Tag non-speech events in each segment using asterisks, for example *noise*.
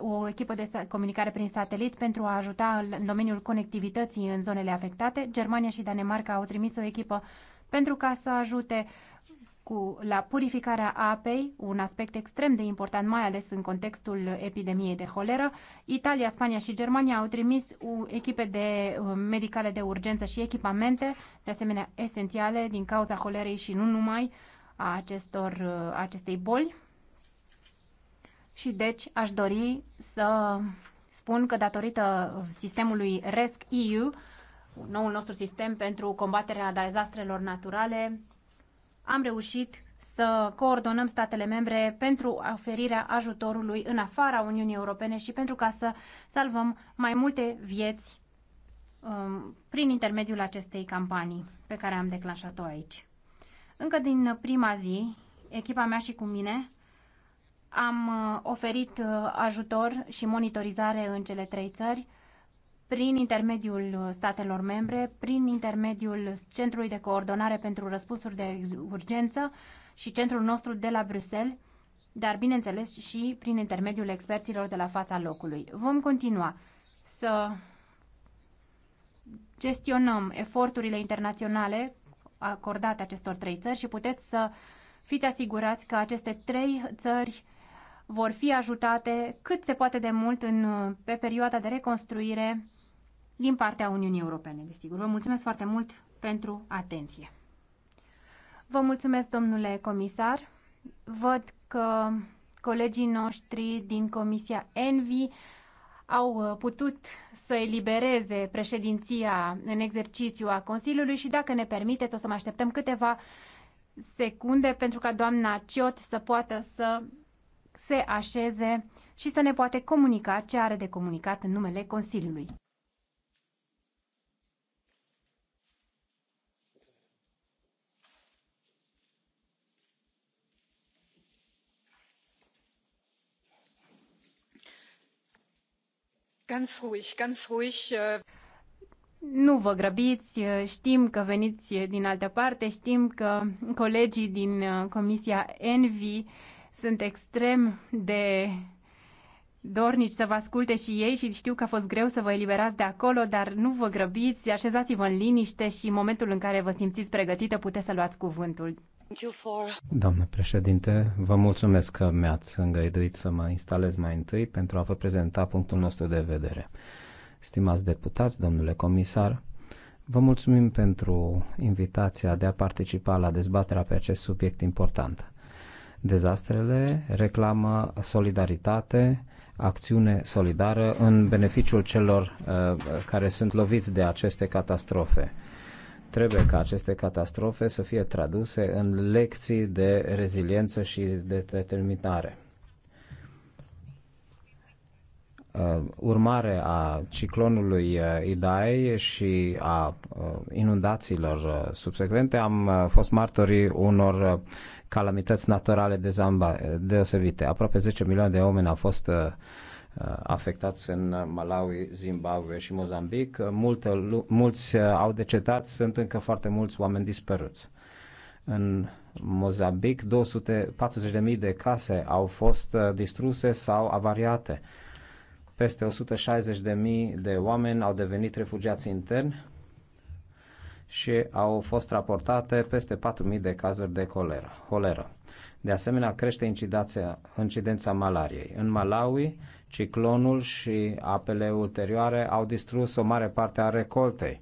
o echipă de comunicare prin satelit pentru a ajuta în domeniul conectivității în zonele afectate. Germania și Danemarca au trimis o echipă pentru ca să ajute cu, la purificarea apei, un aspect extrem de important, mai ales în contextul epidemiei de holeră. Italia, Spania și Germania au trimis echipe de uh, medicale de urgență și echipamente, de asemenea esențiale din cauza holerei și nu numai a acestor, uh, acestei boli. Și deci aș dori să spun că datorită sistemului RESC-EU, noul nostru sistem pentru combaterea dezastrelor naturale, am reușit să coordonăm statele membre pentru oferirea ajutorului în afara Uniunii Europene și pentru ca să salvăm mai multe vieți um, prin intermediul acestei campanii pe care am declanșat-o aici. Încă din prima zi, echipa mea și cu mine am uh, oferit uh, ajutor și monitorizare în cele trei țări prin intermediul statelor membre, prin intermediul Centrului de Coordonare pentru Răspunsuri de Urgență și centrul nostru de la Bruxelles, dar bineînțeles și prin intermediul experților de la fața locului. Vom continua să gestionăm eforturile internaționale acordate acestor trei țări și puteți să fiți asigurați că aceste trei țări vor fi ajutate cât se poate de mult în, pe perioada de reconstruire din partea Uniunii Europene, desigur. Vă mulțumesc foarte mult pentru atenție. Vă mulțumesc, domnule comisar. Văd că colegii noștri din Comisia Envi au uh, putut să elibereze președinția în exercițiu a Consiliului și dacă ne permiteți o să mai așteptăm câteva secunde pentru ca doamna Ciot să poată să se așeze și să ne poate comunica ce are de comunicat în numele Consiliului. Ganz ruhig, ganz ruhig. Uh, nu vă grăbiți, uh, știm că veniți uh, din altă parte, știm că colegii din Comisia Envi sunt extrem de dornici să vă asculte și ei și știu că a fost greu să vă eliberați de acolo, dar nu vă grăbiți, așezați-vă în liniște și în momentul în care vă simțiți pregătită puteți să luați cuvântul. Doamnă președinte, vă mulțumesc că mi-ați îngăduit să mă instalez mai întâi pentru a vă prezenta punctul nostru de vedere. Stimați deputați, domnule comisar, vă mulțumim pentru invitația de a participa la dezbaterea pe acest subiect important. Dezastrele reclamă solidaritate, acțiune solidară în beneficiul celor uh, care sunt loviți de aceste catastrofe. Trebuie ca aceste catastrofe să fie traduse în lecții de reziliență și de determinare. Uh, urmare a ciclonului uh, Idai și a uh, inundațiilor uh, subsecvente, am uh, fost martorii unor uh, calamități naturale de zamba deosebite. Aproape 10 milioane de oameni au fost uh, uh, afectați în Malawi, Zimbabwe și Mozambic. Multe, mulți uh, au decetat, sunt încă foarte mulți oameni dispăruți. În Mozambic, 240.000 de case au fost distruse sau avariate. Peste 160.000 de oameni au devenit refugiați interni și au fost raportate peste 4.000 de cazuri de coleră. holeră. De asemenea, crește incidența, incidența malariei. În Malawi, ciclonul și apele ulterioare au distrus o mare parte a recoltei.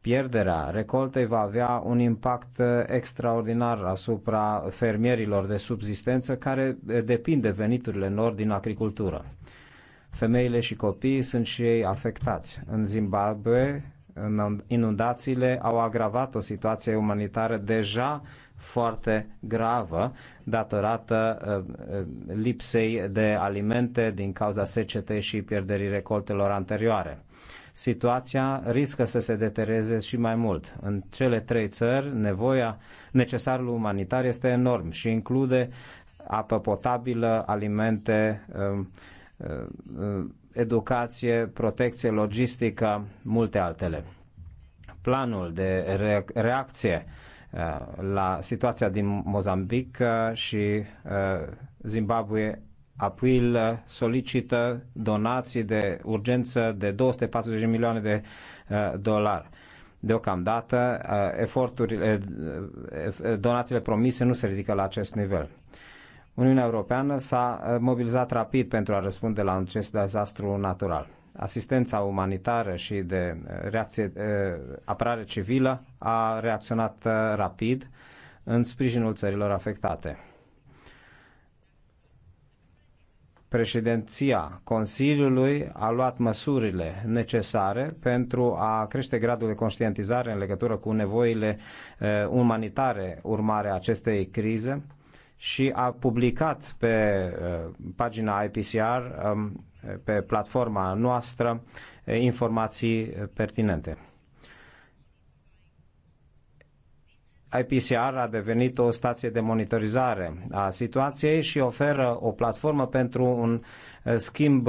Pierderea recoltei va avea un impact extraordinar asupra fermierilor de subsistență care depind de veniturile lor din agricultură. Femeile și copiii sunt și ei afectați. În Zimbabwe, Inundațiile au agravat o situație umanitară deja foarte gravă datorată uh, uh, lipsei de alimente din cauza secetei și pierderii recoltelor anterioare. Situația riscă să se detereze și mai mult. În cele trei țări, nevoia necesarului umanitar este enorm și include apă potabilă, alimente, um, uh, educație, protecție, logistică, multe altele. Planul de reacție uh, la situația din Mozambic uh, și uh, Zimbabwe April solicită donații de urgență de 240 milioane de dolari. Deocamdată, eforturile, donațiile promise nu se ridică la acest nivel. Uniunea Europeană s-a eh, mobilizat rapid pentru a răspunde la acest dezastru natural. Asistența umanitară și de eh, reacție, eh, apărare civilă a reacționat rapid în sprijinul țărilor afectate. Președinția Consiliului a luat măsurile necesare pentru a crește gradul de conștientizare în legătură cu nevoile umanitare urmare a acestei crize și a publicat pe uh, pagina IPCR, um, pe platforma noastră, uh, informații pertinente. IPCR a devenit o stație de monitorizare a situației și oferă o platformă pentru un uh, schimb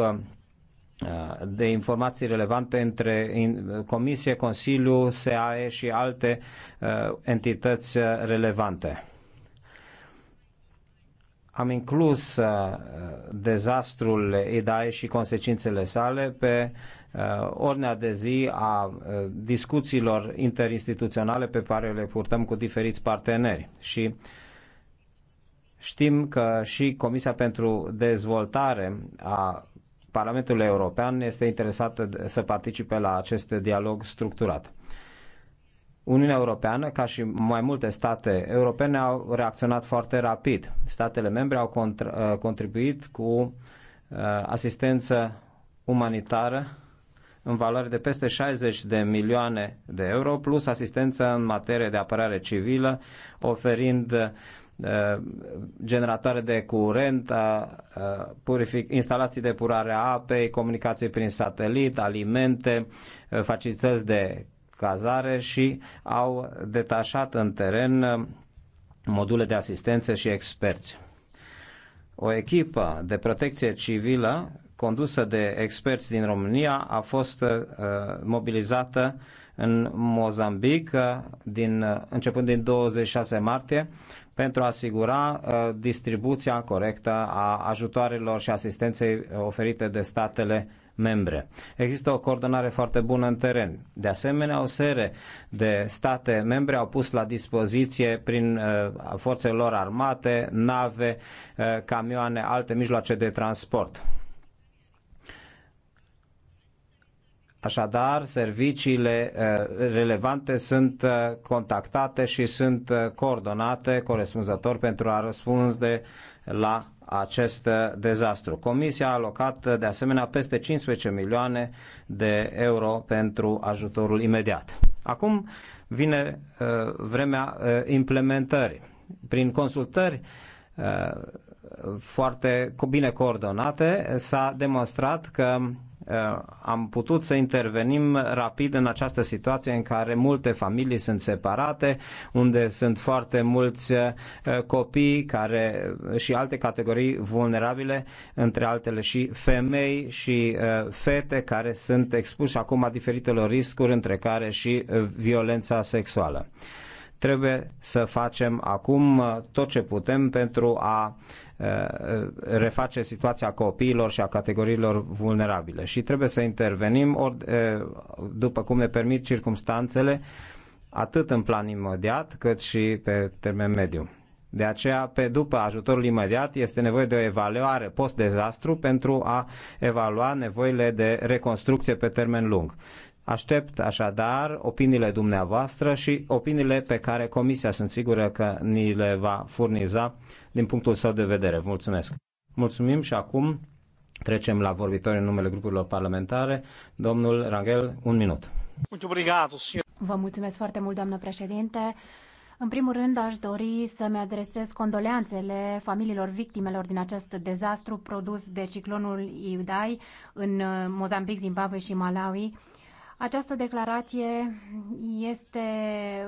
de informații relevante între Comisie, Consiliu, SAE și alte entități relevante. Am inclus uh, dezastrul EDAE și consecințele sale pe uh, ordinea de zi a uh, discuțiilor interinstituționale pe care le purtăm cu diferiți parteneri. Și știm că și Comisia pentru Dezvoltare a Parlamentul European este interesat să participe la acest dialog structurat. Uniunea Europeană, ca și mai multe state europene, au reacționat foarte rapid. Statele membre au contra, uh, contribuit cu uh, asistență umanitară în valoare de peste 60 de milioane de euro, plus asistență în materie de apărare civilă, oferind uh, generatoare de curent, purific, instalații de purare a apei, comunicații prin satelit, alimente, facilități de cazare și au detașat în teren module de asistență și experți. O echipă de protecție civilă condusă de experți din România a fost uh, mobilizată în Mozambic uh, din, uh, începând din 26 martie pentru a asigura uh, distribuția corectă a ajutoarelor și asistenței oferite de statele membre. Există o coordonare foarte bună în teren. De asemenea, o serie de state membre au pus la dispoziție prin uh, forțele lor armate, nave, uh, camioane, alte mijloace de transport. Așadar, serviciile eh, relevante sunt eh, contactate și sunt eh, coordonate corespunzător pentru a răspunde la acest dezastru. Comisia a alocat de asemenea peste 15 milioane de euro pentru ajutorul imediat. Acum vine vremea implementării. Prin consultări foarte bine coordonate s-a demonstrat că Uh, am putut să intervenim rapid în această situație în care multe familii sunt separate, unde sunt foarte mulți uh, copii care uh, și alte categorii vulnerabile, între altele și femei și fete care sunt expuși acum a diferitelor riscuri, între care și violența sexuală. Trebuie să facem acum uh, tot ce putem pentru a uh, reface situația copiilor și a categoriilor vulnerabile. Și trebuie să intervenim, ori, uh, după cum ne permit circumstanțele, atât în plan imediat, cât și pe termen mediu. De aceea, pe după ajutorul imediat, este nevoie de o evaluare post-dezastru pentru a evalua nevoile de reconstrucție pe termen lung. Aștept așadar opiniile dumneavoastră și opiniile pe care Comisia sunt sigură că ni le va furniza din punctul său de vedere. Mulțumesc! Mulțumim și acum trecem la vorbitori în numele grupurilor parlamentare. Domnul Rangel, un minut. Vă mulțumesc foarte mult, doamnă președinte. În primul rând, aș dori să-mi adresez condoleanțele familiilor victimelor din acest dezastru produs de ciclonul Iudai în uh, Mozambic, Zimbabwe și Malawi această declarație este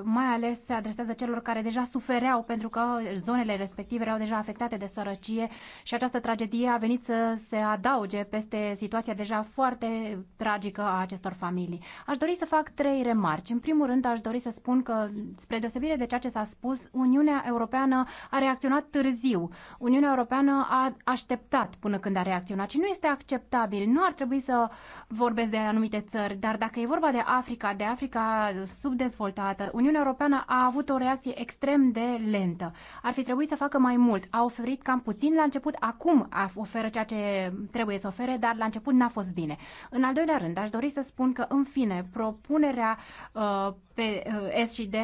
mai ales se adresează celor care deja sufereau pentru că zonele respective erau deja afectate de sărăcie și această tragedie a venit să se adauge peste situația deja foarte tragică a acestor familii. Aș dori să fac trei remarci. În primul rând, aș dori să spun că, spre deosebire de ceea ce s-a spus, Uniunea Europeană a reacționat târziu. Uniunea Europeană a așteptat până când a reacționat și nu este acceptabil. Nu ar trebui să vorbesc de anumite țări, dar dacă e vorba de Africa, de Africa subdezvoltată, Uniunea Europeană a avut o reacție extrem de lentă. Ar fi trebuit să facă mai mult. A oferit cam puțin la început, acum oferă ceea ce trebuie să ofere, dar la început n-a fost bine. În al doilea rând, aș dori să spun că, în fine, propunerea uh, pe uh, S și D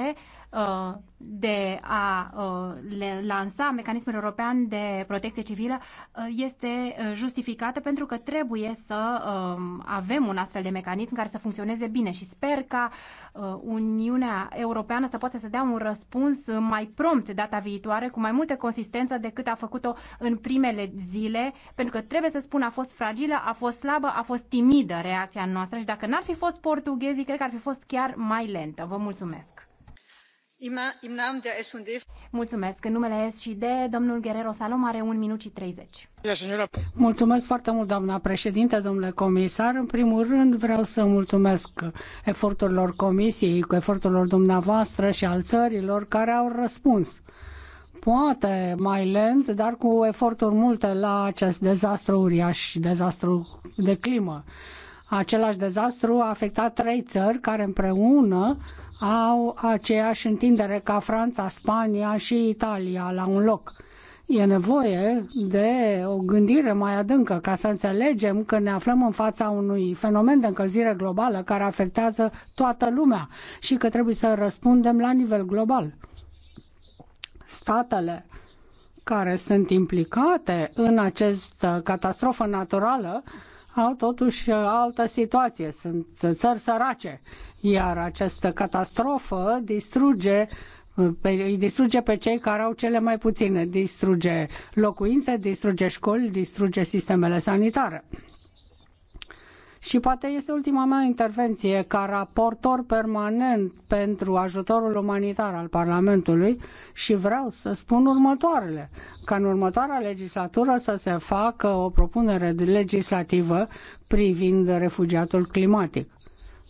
Uh, de a uh, le lansa mecanismul european de protecție civilă uh, este justificată pentru că trebuie să um, avem un astfel de mecanism care să funcționeze bine și sper ca Uniunea Europeană să poată să dea un răspuns mai prompt data viitoare cu mai multă consistență decât a făcut-o în primele zile pentru că trebuie să spun a fost fragilă, a fost slabă, a fost timidă reacția noastră și dacă n-ar fi fost portughezii, cred că ar fi fost chiar mai lentă. Vă mulțumesc! Mulțumesc. În numele SD, domnul Guerrero Salom are un minut și treizeci. Mulțumesc foarte mult, doamna președinte, domnule comisar. În primul rând vreau să mulțumesc eforturilor comisiei, cu eforturilor dumneavoastră și al țărilor care au răspuns poate mai lent, dar cu eforturi multe la acest dezastru uriaș, dezastru de climă. Același dezastru a afectat trei țări care împreună au aceeași întindere ca Franța, Spania și Italia la un loc. E nevoie de o gândire mai adâncă ca să înțelegem că ne aflăm în fața unui fenomen de încălzire globală care afectează toată lumea și că trebuie să răspundem la nivel global. Statele care sunt implicate în această catastrofă naturală au totuși uh, altă situație, sunt uh, țări sărace, iar această catastrofă distruge uh, pe, îi distruge pe cei care au cele mai puține, distruge locuințe, distruge școli, distruge sistemele sanitare. Și poate este ultima mea intervenție ca raportor permanent pentru ajutorul umanitar al Parlamentului și vreau să spun următoarele. Ca în următoarea legislatură să se facă o propunere legislativă privind refugiatul climatic.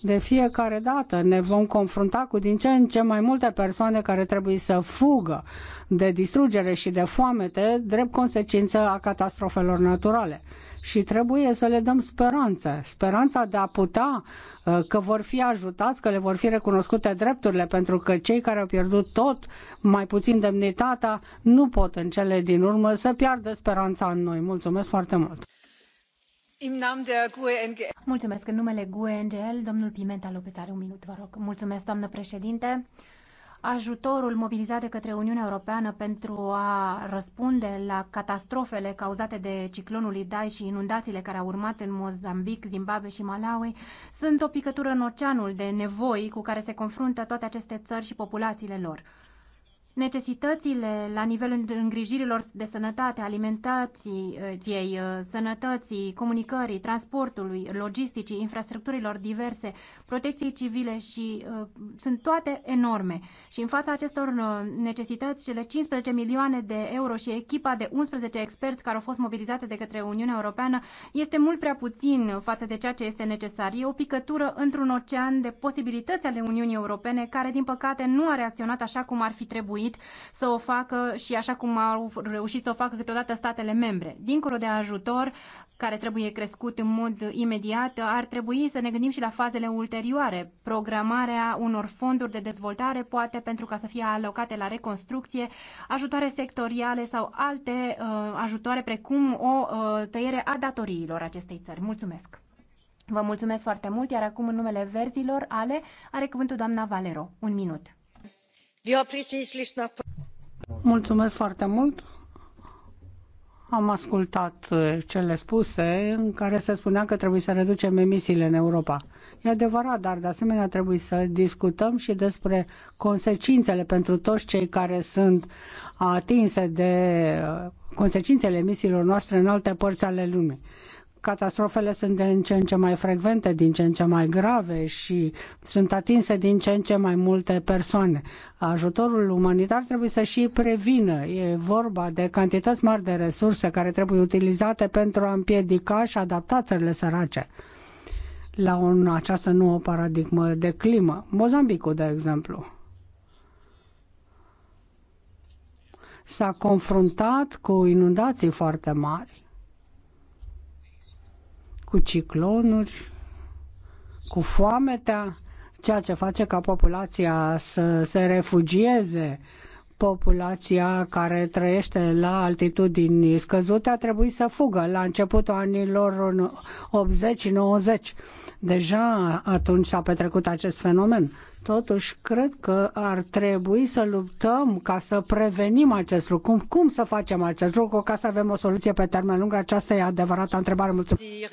De fiecare dată ne vom confrunta cu din ce în ce mai multe persoane care trebuie să fugă de distrugere și de foamete, drept consecință a catastrofelor naturale și trebuie să le dăm speranță, speranța de a putea uh, că vor fi ajutați, că le vor fi recunoscute drepturile, pentru că cei care au pierdut tot, mai puțin demnitatea, nu pot în cele din urmă să piardă speranța în noi. Mulțumesc foarte mult! Mulțumesc. În numele GUE NGL, domnul Pimenta Lopez are un minut, vă rog. Mulțumesc, doamnă președinte ajutorul mobilizat de către Uniunea Europeană pentru a răspunde la catastrofele cauzate de ciclonul Idai și inundațiile care au urmat în Mozambic, Zimbabwe și Malawi sunt o picătură în oceanul de nevoi cu care se confruntă toate aceste țări și populațiile lor necesitățile la nivelul îngrijirilor de sănătate, alimentației, uh, sănătății, comunicării, transportului, logisticii, infrastructurilor diverse, protecției civile și uh, sunt toate enorme. Și în fața acestor uh, necesități, cele 15 milioane de euro și echipa de 11 experți care au fost mobilizate de către Uniunea Europeană este mult prea puțin față de ceea ce este necesar. E o picătură într-un ocean de posibilități ale Uniunii Europene care, din păcate, nu a reacționat așa cum ar fi trebuit reușit să o facă și așa cum au reușit să o facă câteodată statele membre. Dincolo de ajutor, care trebuie crescut în mod imediat, ar trebui să ne gândim și la fazele ulterioare. Programarea unor fonduri de dezvoltare, poate pentru ca să fie alocate la reconstrucție, ajutoare sectoriale sau alte uh, ajutoare, precum o uh, tăiere a datoriilor acestei țări. Mulțumesc! Vă mulțumesc foarte mult, iar acum în numele verzilor ale are cuvântul doamna Valero. Un minut. Mulțumesc foarte mult. Am ascultat eh, cele spuse în care se spunea că trebuie să reducem emisiile în Europa. E adevărat, dar de asemenea trebuie să discutăm și despre consecințele pentru toți cei care sunt atinse de eh, consecințele emisiilor noastre în alte părți ale lumii. Catastrofele sunt din ce în ce mai frecvente, din ce în ce mai grave și sunt atinse din ce în ce mai multe persoane. Ajutorul umanitar trebuie să și prevină. E vorba de cantități mari de resurse care trebuie utilizate pentru a împiedica și adapta țările sărace la un, această nouă paradigmă de climă. Mozambicul, de exemplu, s-a confruntat cu inundații foarte mari cu ciclonuri, cu foametea, ceea ce face ca populația să se refugieze. Populația care trăiește la altitudini scăzute a trebuit să fugă la începutul anilor 80-90. Deja atunci s-a petrecut acest fenomen. Totuși, cred că ar trebui să luptăm ca să prevenim acest lucru. Cum, cum să facem acest lucru ca să avem o soluție pe termen lung? Aceasta e adevărata întrebare. Mulțumesc!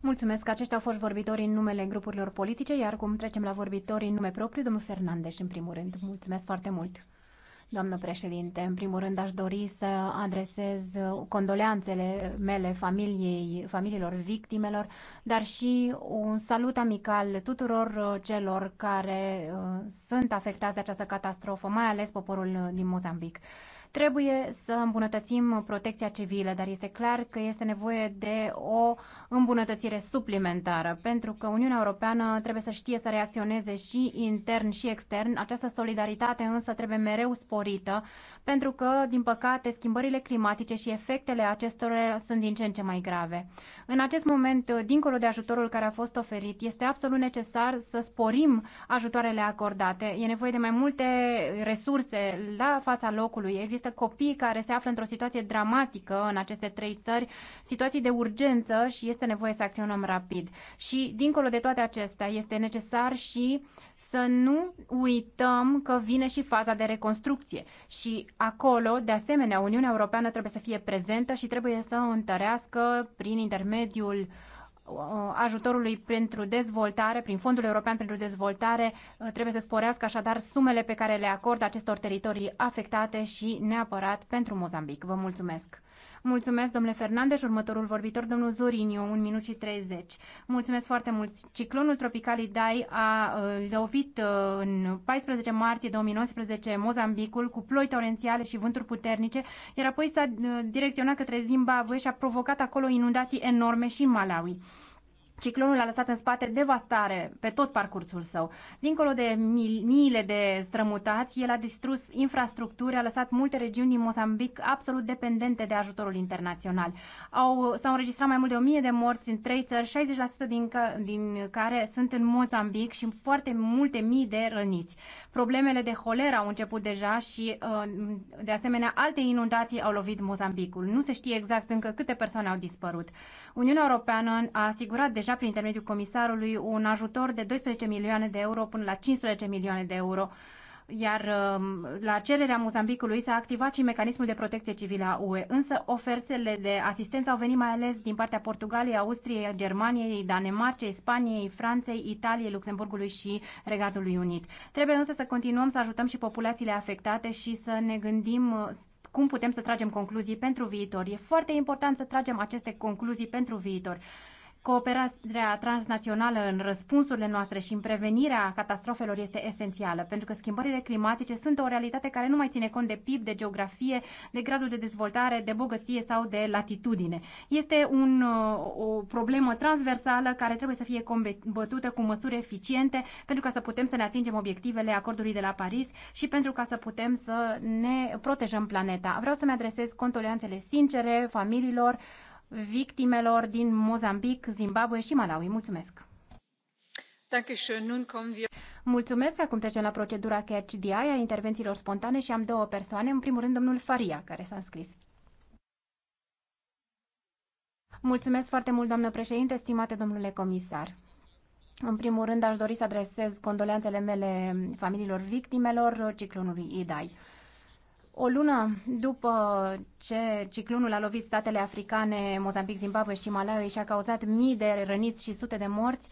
Mulțumesc! Aceștia au fost vorbitorii în numele grupurilor politice, iar cum trecem la vorbitorii în nume propriu, domnul Fernandes, în primul rând. Mulțumesc foarte mult! Doamnă președinte, în primul rând aș dori să adresez condoleanțele mele familiei, familiilor victimelor, dar și un salut amical tuturor uh, celor care uh, sunt afectați de această catastrofă, mai ales poporul uh, din Mozambic. Trebuie să îmbunătățim protecția civilă, dar este clar că este nevoie de o îmbunătățire suplimentară, pentru că Uniunea Europeană trebuie să știe să reacționeze și intern și extern. Această solidaritate însă trebuie mereu sporită, pentru că, din păcate, schimbările climatice și efectele acestora sunt din ce în ce mai grave. În acest moment, dincolo de ajutorul care a fost oferit, este absolut necesar să sporim ajutoarele acordate. E nevoie de mai multe resurse la fața locului. Există Există copii care se află într-o situație dramatică în aceste trei țări, situații de urgență și este nevoie să acționăm rapid. Și, dincolo de toate acestea, este necesar și să nu uităm că vine și faza de reconstrucție. Și acolo, de asemenea, Uniunea Europeană trebuie să fie prezentă și trebuie să întărească prin intermediul uh, Uh, ajutorului pentru dezvoltare, prin Fondul European pentru Dezvoltare, uh, trebuie să sporească așadar sumele pe care le acordă acestor teritorii afectate și neapărat pentru Mozambic. Vă mulțumesc! Mulțumesc, domnule Fernandez. Următorul vorbitor, domnul Zoriniu, un minut și 30. Mulțumesc foarte mult. Ciclonul tropical Idai a uh, lovit uh, în 14 martie 2019 Mozambicul cu ploi torențiale și vânturi puternice, iar apoi s-a uh, direcționat către Zimbabwe și a provocat acolo inundații enorme și în Malawi. Ciclonul a lăsat în spate devastare pe tot parcursul său. Dincolo de miile de strămutați, el a distrus infrastructuri, a lăsat multe regiuni din Mozambic absolut dependente de ajutorul internațional. Au, s-au înregistrat mai mult de 1000 de morți în trei țări, 60% din, din care sunt în Mozambic și foarte multe mii de răniți. Problemele de holer au început deja și, uh, de asemenea, alte inundații au lovit Mozambicul. Nu se știe exact încă câte persoane au dispărut. Uniunea Europeană a asigurat deja deja prin intermediul comisarului un ajutor de 12 milioane de euro până la 15 milioane de euro iar um, la cererea Mozambicului s-a activat și mecanismul de protecție civilă a UE. Însă ofertele de asistență au venit mai ales din partea Portugaliei, Austriei, Germaniei, Danemarcei, Spaniei, Franței, Italiei, Luxemburgului și Regatului Unit. Trebuie însă să continuăm să ajutăm și populațiile afectate și să ne gândim uh, cum putem să tragem concluzii pentru viitor. E foarte important să tragem aceste concluzii pentru viitor. Cooperarea transnațională în răspunsurile noastre și în prevenirea catastrofelor este esențială, pentru că schimbările climatice sunt o realitate care nu mai ține cont de PIB, de geografie, de gradul de dezvoltare, de bogăție sau de latitudine. Este un, uh, o problemă transversală care trebuie să fie combătută cu măsuri eficiente pentru ca să putem să ne atingem obiectivele acordului de la Paris și pentru ca să putem să ne protejăm planeta. Vreau să-mi adresez condoleanțele sincere familiilor, victimelor din Mozambic, Zimbabwe și Malawi. Mulțumesc! Mulțumesc. Acum trecem la procedura CHDI a intervențiilor spontane și am două persoane. În primul rând, domnul Faria, care s-a înscris. Mulțumesc foarte mult, doamnă președinte, stimate domnule comisar. În primul rând, aș dori să adresez condoleanțele mele familiilor victimelor ciclonului Idai. O lună după ce ciclonul a lovit statele africane, Mozambic, Zimbabwe și Malawi și a cauzat mii de răniți și sute de morți,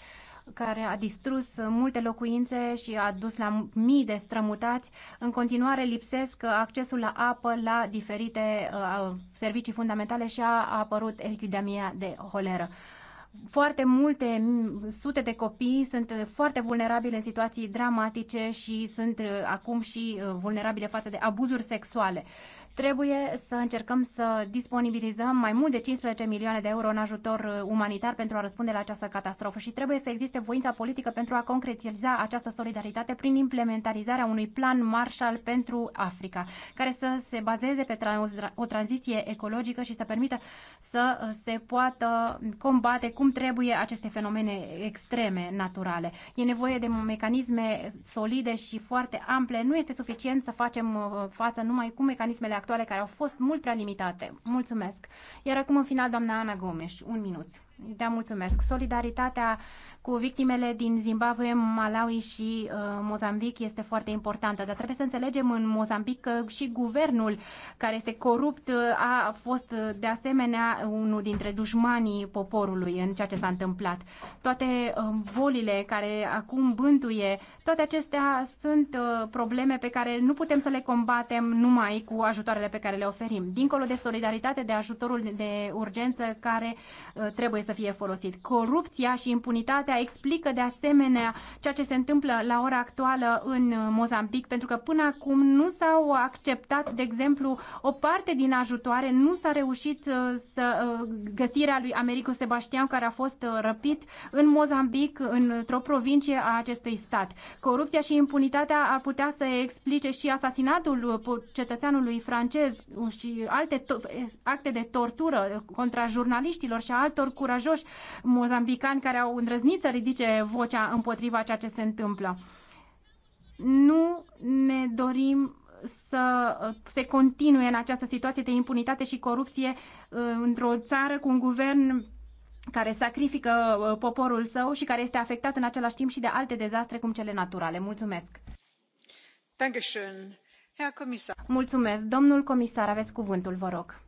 care a distrus multe locuințe și a dus la mii de strămutați, în continuare lipsesc accesul la apă, la diferite uh, servicii fundamentale și a apărut epidemia de holeră foarte multe sute de copii sunt uh, foarte vulnerabile în situații dramatice și sunt uh, acum și uh, vulnerabile față de abuzuri sexuale. Trebuie să încercăm să disponibilizăm mai mult de 15 milioane de euro în ajutor uh, umanitar pentru a răspunde la această catastrofă și trebuie să existe voința politică pentru a concretiza această solidaritate prin implementarizarea unui plan Marshall pentru Africa, care să se bazeze pe o tranziție ecologică și să permită să uh, se poată combate cum trebuie aceste fenomene extreme naturale. E nevoie de mecanisme solide și foarte ample. Nu este suficient să facem uh, față numai cu mecanismele actuale care au fost mult prea limitate. Mulțumesc! Iar acum, în final, doamna Ana Gomes, un minut. Da, mulțumesc. Solidaritatea cu victimele din Zimbabwe, Malawi și uh, Mozambic este foarte importantă, dar trebuie să înțelegem în Mozambic că și guvernul care este corupt uh, a fost uh, de asemenea unul dintre dușmanii poporului în ceea ce s-a întâmplat. Toate uh, bolile care acum bântuie, toate acestea sunt uh, probleme pe care nu putem să le combatem numai cu ajutoarele pe care le oferim. Dincolo de solidaritate, de ajutorul de urgență care uh, trebuie să fie folosit. Corupția și impunitatea explică de asemenea ceea ce se întâmplă la ora actuală în Mozambic, pentru că până acum nu s-au acceptat, de exemplu, o parte din ajutoare, nu s-a reușit uh, să uh, găsirea lui Americo Sebastian, care a fost uh, răpit în Mozambic, într-o provincie a acestui stat. Corupția și impunitatea ar putea să explice și asasinatul cetățeanului francez și alte eh, acte de tortură contra jurnaliștilor și a altor curaj curajoși mozambicani care au îndrăznit să ridice vocea împotriva ceea ce se întâmplă. Nu ne dorim să se continue în această situație de impunitate și corupție uh, într-o țară cu un guvern care sacrifică uh, poporul său și care este afectat în același timp și de alte dezastre cum cele naturale. Mulțumesc! Mulțumesc. Domnul comisar, aveți cuvântul, vă rog.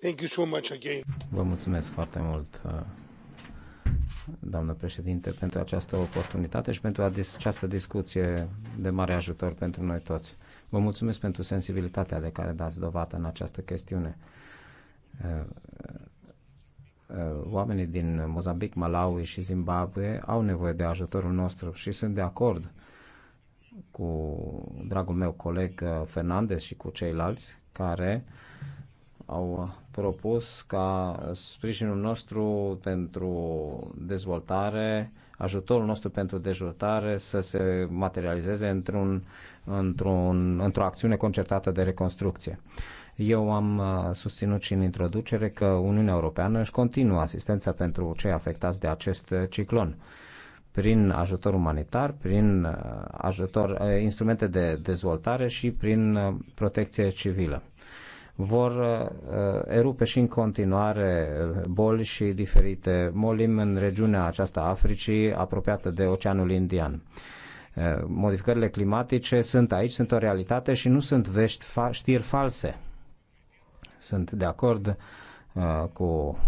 Thank you so much again. Vă mulțumesc foarte mult, uh, doamnă președinte, pentru această oportunitate și pentru această discuție de mare ajutor pentru noi toți. Vă mulțumesc pentru sensibilitatea de care dați dovadă în această chestiune. Uh, uh, oamenii din Mozambic, Malawi și Zimbabwe au nevoie de ajutorul nostru și sunt de acord cu dragul meu coleg Fernandez și cu ceilalți care au propus ca sprijinul nostru pentru dezvoltare, ajutorul nostru pentru dezvoltare să se materializeze într-un, într-un, într-o acțiune concertată de reconstrucție. Eu am uh, susținut și în introducere că Uniunea Europeană își continuă asistența pentru cei afectați de acest uh, ciclon prin ajutor umanitar, prin uh, ajutor, instrumente de dezvoltare și prin protecție civilă vor uh, uh, erupe și în continuare boli și diferite molimi în regiunea aceasta Africii, apropiată de Oceanul Indian. Uh, modificările climatice sunt aici, sunt o realitate și nu sunt vești, fa- știri false. Sunt de acord uh, cu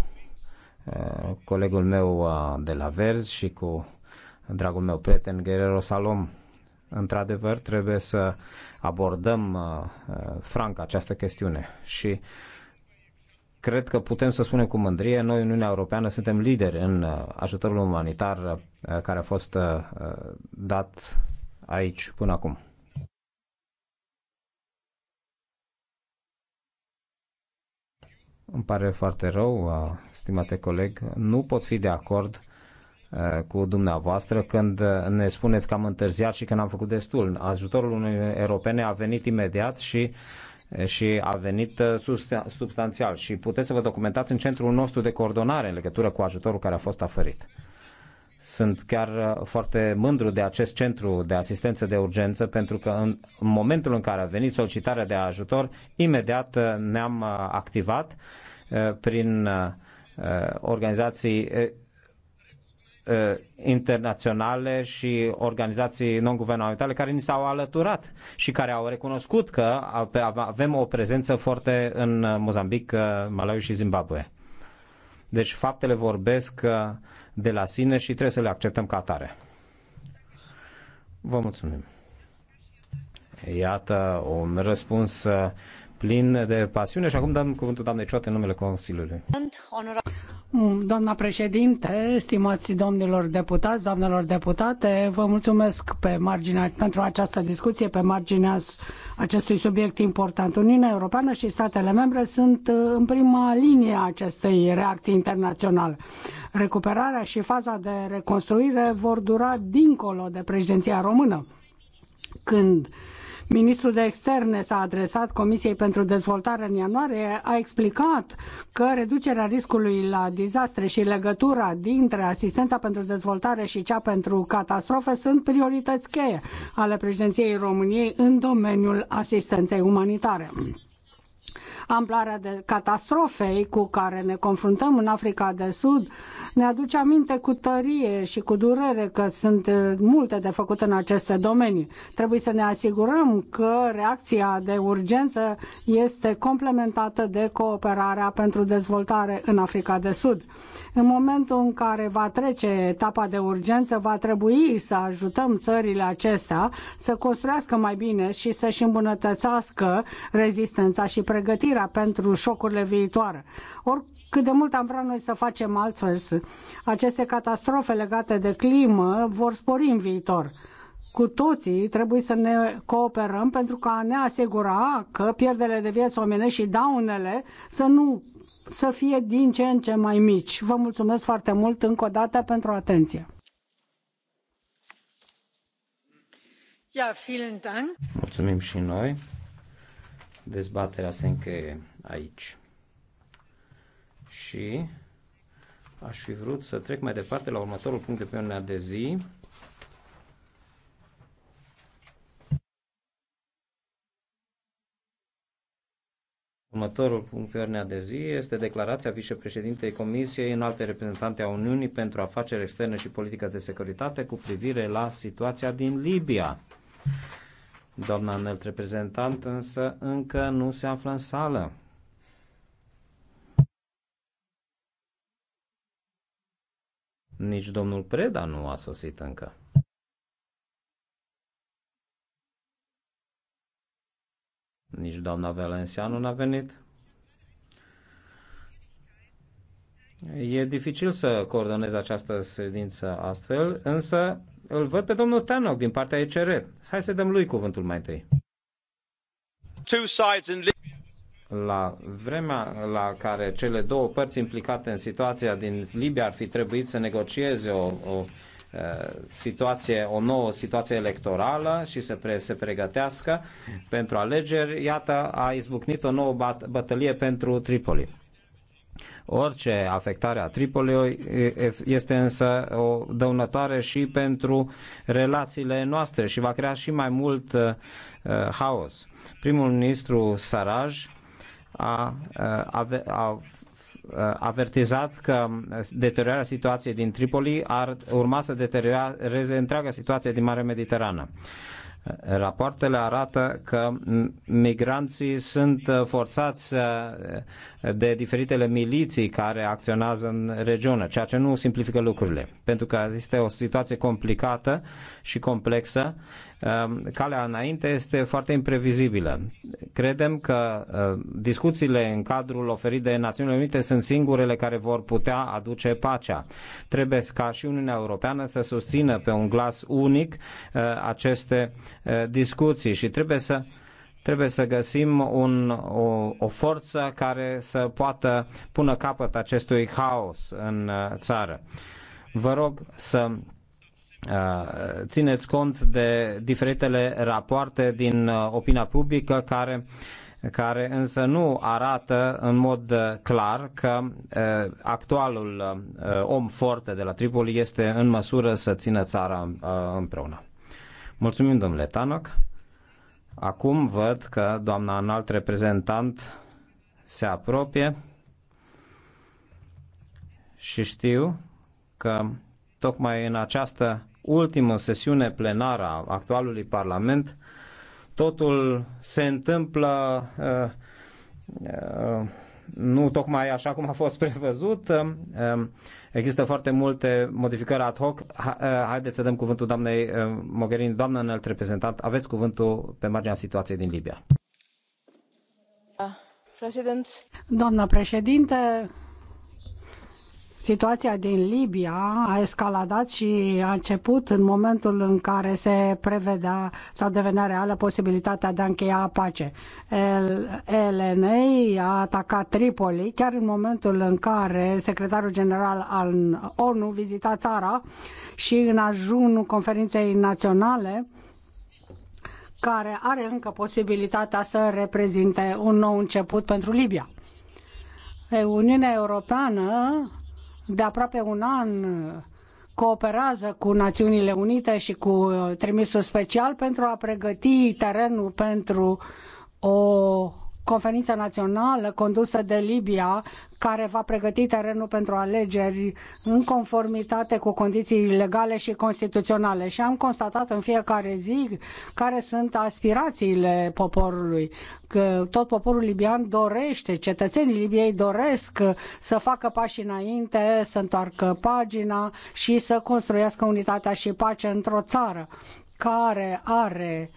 uh, colegul meu uh, de la Verzi și cu dragul meu prieten Guerrero Salom Într-adevăr, trebuie să abordăm uh, uh, franc această chestiune și cred că putem să spunem cu mândrie, noi, Uniunea Europeană, suntem lideri în uh, ajutorul umanitar care a fost dat aici până acum. Îmi pare foarte rău, stimate coleg, nu pot fi de acord Uh, cu dumneavoastră când uh, ne spuneți că am întârziat și că n-am făcut destul. Ajutorul Uniunii Europene a venit imediat și și a venit uh, substanțial și puteți să vă documentați în centrul nostru de coordonare în legătură cu ajutorul care a fost aferit. Sunt chiar foarte mândru de acest centru de asistență de urgență pentru că în momentul în care a venit solicitarea de ajutor, imediat ne-am activat prin organizații Uh, internaționale și organizații non-guvernamentale care ni s-au alăturat și care au recunoscut că avem o prezență foarte în Mozambic, uh, Malawi și Zimbabwe. Deci faptele vorbesc uh, de la sine și trebuie să le acceptăm ca atare. Vă mulțumim. Iată un răspuns plin de pasiune și acum dăm cuvântul doamnei Ciot, în numele Consiliului. Doamna președinte, stimați domnilor deputați, doamnelor deputate, vă mulțumesc pe marginea, pentru această discuție pe marginea acestui subiect important. Uniunea Europeană și statele membre sunt uh, în prima linie a acestei reacții internaționale. Recuperarea și faza de reconstruire vor dura dincolo de președinția română, când Ministrul de Externe s-a adresat Comisiei pentru Dezvoltare în ianuarie, a explicat că reducerea riscului la dizastre și legătura dintre asistența pentru dezvoltare și cea pentru catastrofe sunt priorități cheie ale președinției României în domeniul asistenței umanitare. Amplarea de catastrofei cu care ne confruntăm în Africa de Sud ne aduce aminte cu tărie și cu durere că sunt uh, multe de făcut în aceste domenii. Trebuie să ne asigurăm că reacția de urgență este complementată de cooperarea pentru dezvoltare în Africa de Sud. În momentul în care va trece etapa de urgență, va trebui să ajutăm țările acestea să construiască mai bine și să-și îmbunătățească rezistența și pregătirea pentru șocurile viitoare. Or, cât de mult am vrea noi să facem altfel, aceste catastrofe legate de climă vor spori în viitor cu toții trebuie să ne cooperăm pentru ca a ne asigura că pierderile de vieți omenești și daunele să nu să fie din ce în ce mai mici. Vă mulțumesc foarte mult încă o dată pentru atenție. Ja, vielen Dank. Mulțumim și noi. Dezbaterea se încheie aici. Și aș fi vrut să trec mai departe la următorul punct de pe ordinea de zi, Următorul punct pe ordinea de zi este declarația vicepreședintei Comisiei în alte reprezentante a Uniunii pentru afaceri externe și politică de securitate cu privire la situația din Libia. Doamna înalt reprezentant însă încă nu se află în sală. Nici domnul Preda nu a sosit încă. Nici doamna nu n-a venit. E dificil să coordonez această sedință astfel, însă îl văd pe domnul Tanoc din partea ECR. Hai să dăm lui cuvântul mai întâi. La vremea la care cele două părți implicate în situația din Libia ar fi trebuit să negocieze o, o Uh, situație, o nouă situație electorală și să pre, se pregătească pentru alegeri, iată, a izbucnit o nouă bat, bătălie pentru Tripoli. Orice afectare a Tripoli este însă o dăunătoare și pentru relațiile noastre și va crea și mai mult uh, uh haos. Primul ministru Saraj a, uh, a, a Uh, avertizat că uh, deteriorarea situației din Tripoli ar urma să deterioreze întreaga situație din Marea Mediterană. Rapoartele arată că migranții sunt uh, forțați uh, de diferitele miliții care acționează în regiune, ceea ce nu simplifică lucrurile, pentru că este o situație complicată și complexă. Um, calea înainte este foarte imprevizibilă. Credem că uh, discuțiile în cadrul oferit de Națiunile Unite sunt singurele care vor putea aduce pacea. Trebuie ca și Uniunea Europeană să susțină pe un glas unic aceste Eh, discuții și trebuie să trebuie să găsim un, o, o forță care să poată pună capăt acestui haos în eh, țară. Vă rog să eh, țineți cont de diferitele rapoarte din opinia publică care care însă nu arată în mod clar că actualul om forte de la Tripoli este în măsură să țină țara împreună. Mulțumim, domnule Tanoc. Acum văd că doamna înalt reprezentant se apropie și știu că tocmai în această ultimă sesiune plenară a actualului Parlament totul se întâmplă uh, uh, nu tocmai așa cum a fost *laughs* prevăzut. Um, um, există foarte multe modificări ad hoc. Uh, haideți să dăm cuvântul doamnei uh, Mogherini. Doamnă înalt reprezentant, aveți cuvântul pe marginea situației din Libia. Uh, doamna președinte, Situația din Libia a escaladat și a început în momentul în care se prevedea sau devenea reală posibilitatea de a încheia pace. LNA a atacat Tripoli chiar în momentul în care secretarul general al ONU vizita țara și în ajunul conferinței naționale care are încă posibilitatea să reprezinte un nou început pentru Libia. Uniunea Europeană de aproape un an cooperează cu Națiunile Unite și cu trimisul special pentru a pregăti terenul pentru o conferință națională condusă de Libia, care va pregăti terenul pentru alegeri în conformitate cu condiții legale și constituționale. Și am constatat în fiecare zi care sunt aspirațiile poporului. Că tot poporul libian dorește, cetățenii Libiei doresc să facă pași înainte, să întoarcă pagina și să construiască unitatea și pace într-o țară care are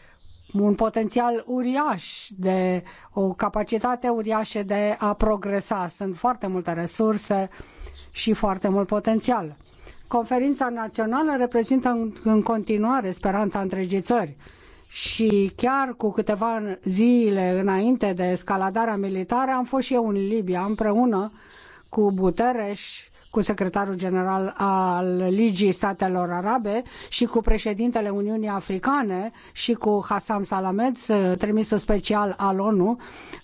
un potențial uriaș, de o capacitate uriașă de a progresa. Sunt foarte multe resurse și foarte mult potențial. Conferința națională reprezintă în continuare speranța întregii țări și chiar cu câteva zile înainte de escaladarea militară am fost și eu în Libia împreună cu Butereș cu secretarul general al Ligii Statelor Arabe și cu președintele Uniunii Africane și cu Hassan Salamed, uh, trimisul special al ONU,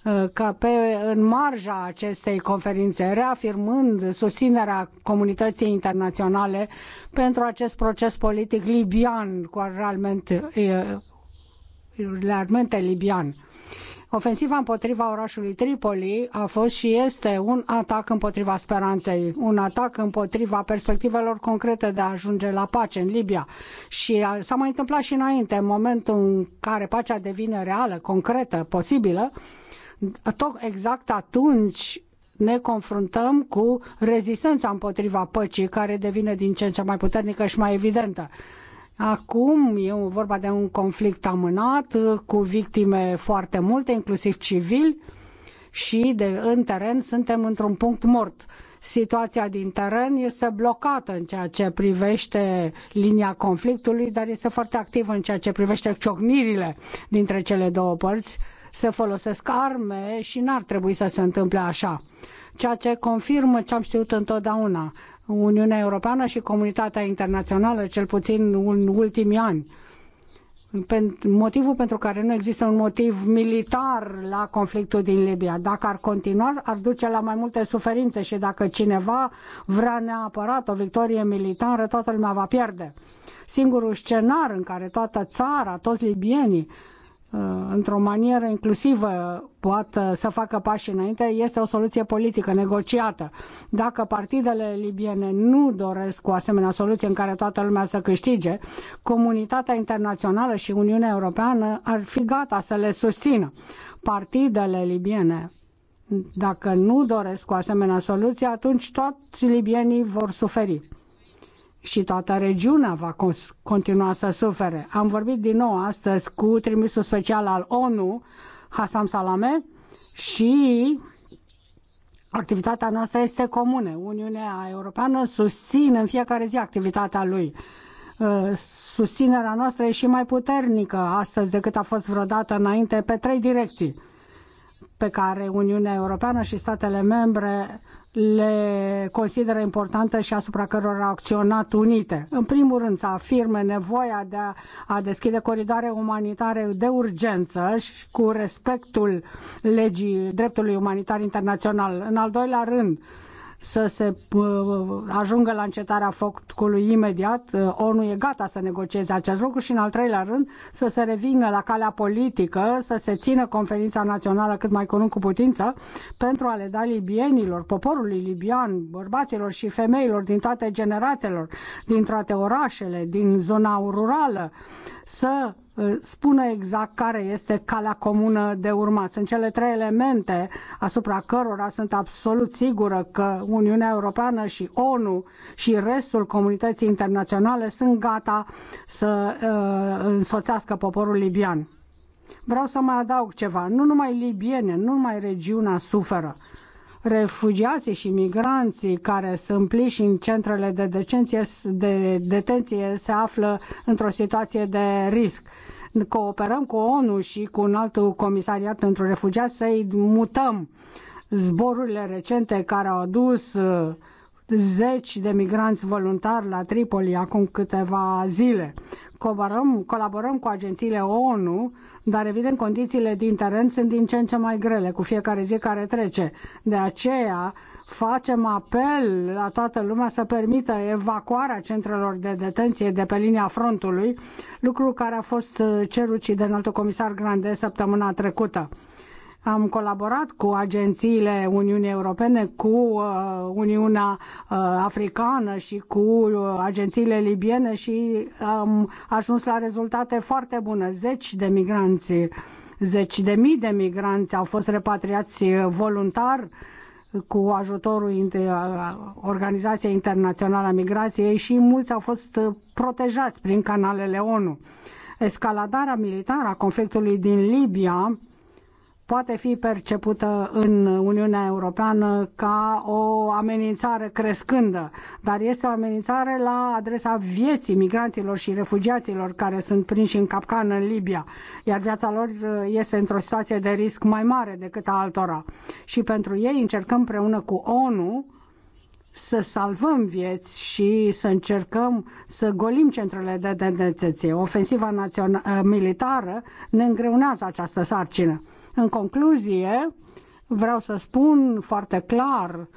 uh, ca pe, în marja acestei conferințe, reafirmând susținerea comunității internaționale pentru acest proces politic libian, cu realmente, uh, realmente libian Ofensiva împotriva orașului Tripoli a fost și este un atac împotriva speranței, un atac împotriva perspectivelor concrete de a ajunge la pace în Libia. Și s-a mai întâmplat și înainte, în momentul în care pacea devine reală, concretă, posibilă, tot exact atunci ne confruntăm cu rezistența împotriva păcii, care devine din ce în ce mai puternică și mai evidentă. Acum e vorba de un conflict amânat uh, cu victime foarte multe, inclusiv civili, și de, în teren suntem într-un punct mort. Situația din teren este blocată în ceea ce privește linia conflictului, dar este foarte activă în ceea ce privește ciocnirile dintre cele două părți se folosesc arme și n-ar trebui să se întâmple așa. Ceea ce confirmă ce am știut întotdeauna, Uniunea Europeană și comunitatea internațională, cel puțin în ultimii ani. Motivul pentru care nu există un motiv militar la conflictul din Libia. Dacă ar continua, ar duce la mai multe suferințe și dacă cineva vrea neapărat o victorie militară, toată lumea va pierde. Singurul scenar în care toată țara, toți libienii Uh, într-o manieră inclusivă poate să facă pași înainte, este o soluție politică negociată. Dacă partidele libiene nu doresc o asemenea soluție în care toată lumea să câștige, comunitatea internațională și Uniunea Europeană ar fi gata să le susțină. Partidele libiene, dacă nu doresc o asemenea soluție, atunci toți libienii vor suferi și toată regiunea va continua să sufere. Am vorbit din nou astăzi cu trimisul special al ONU, Hassan Salame, și activitatea noastră este comună. Uniunea Europeană susține în fiecare zi activitatea lui. Uh, susținerea noastră e și mai puternică astăzi decât a fost vreodată înainte pe trei direcții pe care Uniunea Europeană și statele membre le consideră importante și asupra cărora au acționat unite. În primul rând, să afirme nevoia de a, a deschide coridoare umanitare de urgență și cu respectul legii dreptului umanitar internațional. În al doilea rând, să se uh, ajungă la încetarea focului imediat. Uh, ONU e gata să negocieze acest lucru și, în al treilea rând, să se revină la calea politică, să se țină conferința națională cât mai curând cu putință pentru a le da libienilor, poporului libian, bărbaților și femeilor din toate generațiilor, din toate orașele, din zona rurală, să spună exact care este calea comună de urmat. Sunt cele trei elemente asupra cărora sunt absolut sigură că Uniunea Europeană și ONU și restul comunității internaționale sunt gata să uh, însoțească poporul libian. Vreau să mai adaug ceva. Nu numai libiene, nu numai regiunea suferă. Refugiații și migranții care sunt pliși în centrele de, decenție, de detenție se află într-o situație de risc cooperăm cu ONU și cu un alt comisariat pentru refugiați să-i mutăm zborurile recente care au adus uh, zeci de migranți voluntari la Tripoli acum câteva zile. Colaborăm, colaborăm cu agențiile ONU dar evident condițiile din teren sunt din ce în ce mai grele cu fiecare zi care trece. De aceea facem apel la toată lumea să permită evacuarea centrelor de detenție de pe linia frontului, lucru care a fost cerut și de înaltul comisar Grande săptămâna trecută. Am colaborat cu agențiile Uniunii Europene, cu uh, Uniunea uh, Africană și cu uh, agențiile libiene și am ajuns la rezultate foarte bune. Zeci de migranți, zeci de mii de migranți au fost repatriați voluntar cu ajutorul Organizației Internaționale a Migrației și mulți au fost protejați prin canalele ONU. Escaladarea militară a conflictului din Libia poate fi percepută în Uniunea Europeană ca o amenințare crescândă, dar este o amenințare la adresa vieții migranților și refugiaților care sunt prinși în capcană în Libia, iar viața lor uh, este într-o situație de risc mai mare decât a altora. Și pentru ei încercăm împreună cu ONU să salvăm vieți și să încercăm să golim centrele de detenție. Ofensiva națională uh, militară ne îngreunează această sarcină. În concluzie, vreau să spun foarte clar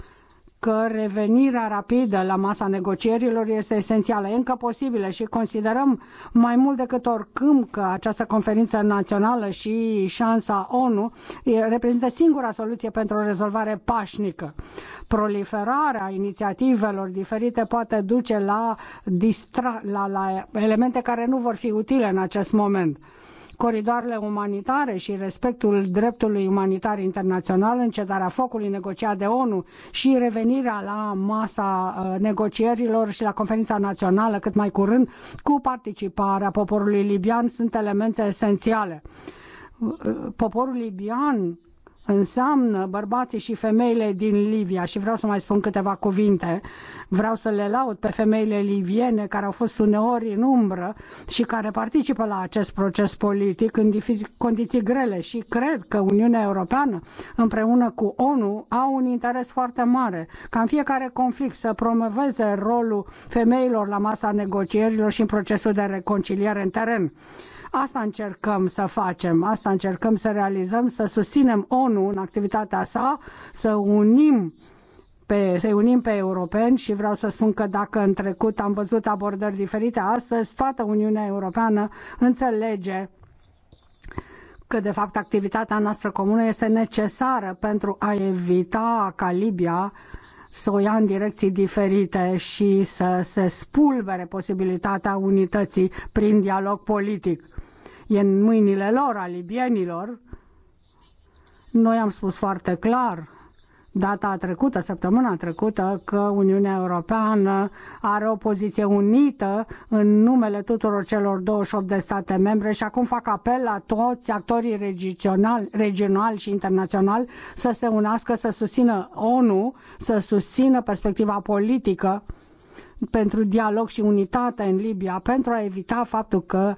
că revenirea rapidă la masa negocierilor este esențială, e încă posibilă și considerăm mai mult decât oricând că această conferință națională și șansa ONU reprezintă singura soluție pentru o rezolvare pașnică. Proliferarea inițiativelor diferite poate duce la, distra- la, la elemente care nu vor fi utile în acest moment coridoarele umanitare și respectul dreptului umanitar internațional, încetarea focului negociat de ONU și revenirea la masa uh, negocierilor și la conferința națională cât mai curând cu participarea poporului libian sunt elemente esențiale. Uh, poporul libian înseamnă bărbații și femeile din Livia și vreau să mai spun câteva cuvinte. Vreau să le laud pe femeile liviene care au fost uneori în umbră și care participă la acest proces politic în condiții grele și cred că Uniunea Europeană împreună cu ONU au un interes foarte mare ca în fiecare conflict să promoveze rolul femeilor la masa negocierilor și în procesul de reconciliere în teren Asta încercăm să facem, asta încercăm să realizăm, să susținem ONU în activitatea sa, să unim pe, să unim pe europeni și vreau să spun că dacă în trecut am văzut abordări diferite, astăzi toată Uniunea Europeană înțelege că de fapt activitatea noastră comună este necesară pentru a evita ca Libia să o ia în direcții diferite și să se spulbere posibilitatea unității prin dialog politic e în mâinile lor, a libienilor. Noi am spus foarte clar data trecută, săptămâna trecută, că Uniunea Europeană are o poziție unită în numele tuturor celor 28 de state membre și acum fac apel la toți actorii regionali, regional și internaționali să se unească, să susțină ONU, să susțină perspectiva politică pentru dialog și unitate în Libia, pentru a evita faptul că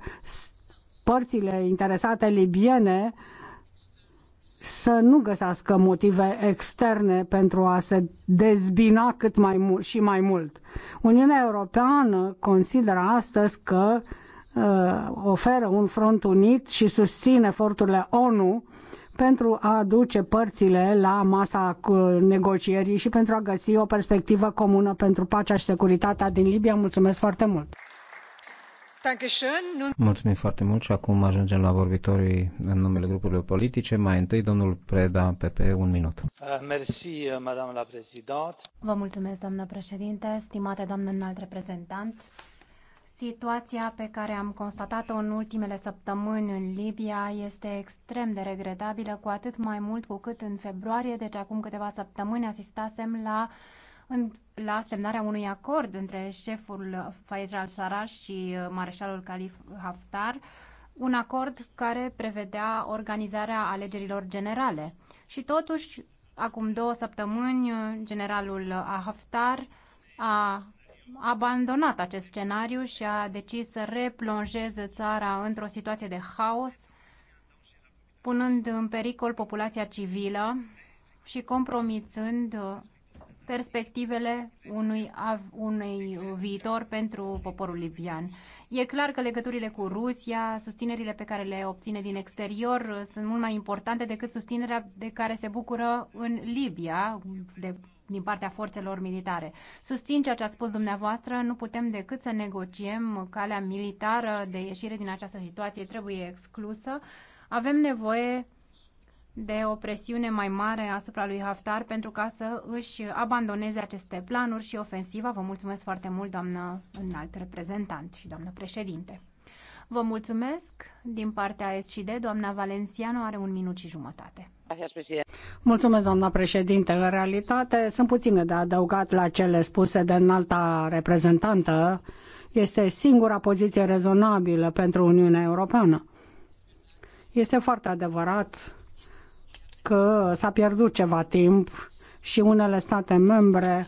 părțile interesate libiene să nu găsească motive externe pentru a se dezbina cât mai mult și mai mult. Uniunea Europeană consideră astăzi că uh, oferă un front unit și susține eforturile ONU pentru a aduce părțile la masa negocierii și pentru a găsi o perspectivă comună pentru pacea și securitatea din Libia. Mulțumesc foarte mult! Mulțumim foarte mult și acum ajungem la vorbitorii în numele grupurilor politice. Mai întâi, domnul Preda, PP, un minut. Uh, Mersi, uh, madame la prezident. Vă mulțumesc, doamnă președinte, stimate doamnă înalt reprezentant. Situația pe care am constatat-o în ultimele săptămâni în Libia este extrem de regretabilă, cu atât mai mult cu cât în februarie, deci acum câteva săptămâni, asistasem la uh, în, la semnarea unui acord între șeful Faiz al-Sarraj și uh, mareșalul Calif Haftar, un acord care prevedea organizarea alegerilor generale. Și totuși, acum două săptămâni, uh, generalul uh, Haftar a abandonat acest scenariu și a decis să replonjeze țara într-o situație de haos, punând în pericol populația civilă și compromițând perspectivele unui, unui viitor pentru poporul libian. E clar că legăturile cu Rusia, susținerile pe care le obține din exterior sunt mult mai importante decât susținerea de care se bucură în Libia de, din partea forțelor militare. Susțin ceea ce ați spus dumneavoastră, nu putem decât să negociem calea militară de ieșire din această situație, trebuie exclusă. Avem nevoie de o presiune mai mare asupra lui Haftar pentru ca să își abandoneze aceste planuri și ofensiva. Vă mulțumesc foarte mult, doamnă înalt reprezentant și doamnă președinte. Vă mulțumesc. Din partea SCD, doamna Valenciano are un minut și jumătate. Mulțumesc, doamna președinte. În realitate, sunt puține de adăugat la cele spuse de înalta reprezentantă. Este singura poziție rezonabilă pentru Uniunea Europeană. Este foarte adevărat că s-a pierdut ceva timp și unele state membre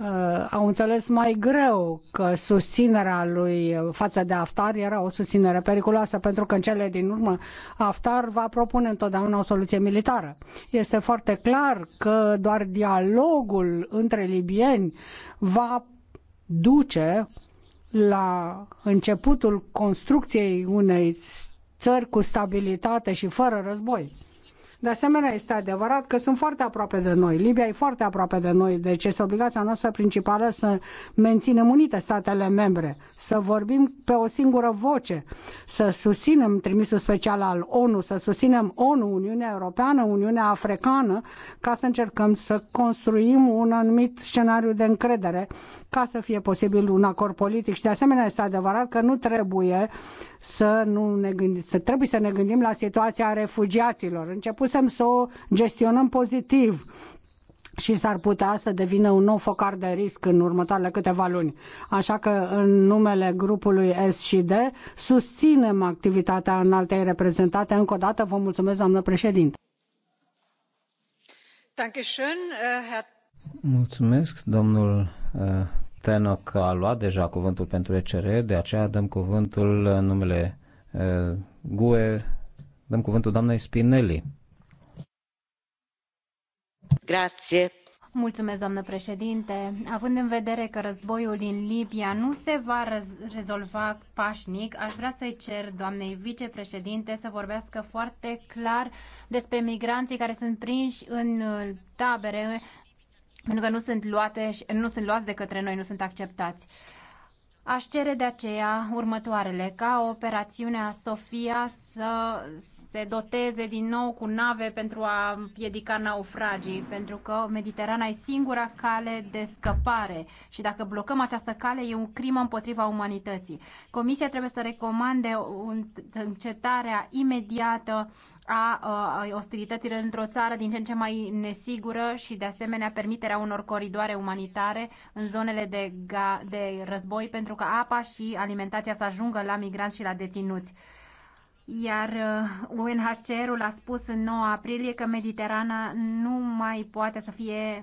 uh, au înțeles mai greu că susținerea lui față de Aftar era o susținere periculoasă, pentru că în cele din urmă Aftar va propune întotdeauna o soluție militară. Este foarte clar că doar dialogul între libieni va duce la începutul construcției unei țări cu stabilitate și fără război. De asemenea, este adevărat că sunt foarte aproape de noi. Libia e foarte aproape de noi, deci este obligația noastră principală să menținem unite statele membre, să vorbim pe o singură voce, să susținem trimisul special al ONU, să susținem ONU, Uniunea Europeană, Uniunea Africană, ca să încercăm să construim un anumit scenariu de încredere ca să fie posibil un acord politic. Și de asemenea este adevărat că nu trebuie să nu ne gândim, să trebuie să ne gândim la situația refugiaților. Început începusem să o gestionăm pozitiv și s-ar putea să devină un nou focar de risc în următoarele câteva luni. Așa că, în numele grupului S și D, susținem activitatea în alte reprezentate. Încă o dată vă mulțumesc, doamnă președinte. Uh, mulțumesc, domnul uh, Tenoc a luat deja cuvântul pentru ECR, de aceea dăm cuvântul în numele uh, GUE, dăm cuvântul doamnei Spinelli. Mulțumesc, doamnă președinte. Având în vedere că războiul din Libia nu se va rezolva pașnic, aș vrea să-i cer doamnei vicepreședinte să vorbească foarte clar despre migranții care sunt prinși în tabere pentru că nu sunt, luate, nu sunt luați de către noi, nu sunt acceptați. Aș cere de aceea următoarele, ca operațiunea Sofia să se doteze din nou cu nave pentru a piedica naufragii, pentru că Mediterana e singura cale de scăpare și dacă blocăm această cale e un crimă împotriva umanității. Comisia trebuie să recomande încetarea imediată a ostilităților într-o țară din ce în ce mai nesigură și de asemenea permiterea unor coridoare umanitare în zonele de, de război pentru că apa și alimentația să ajungă la migranți și la deținuți iar UNHCR-ul uh, a spus în 9 aprilie că Mediterana nu mai poate să fie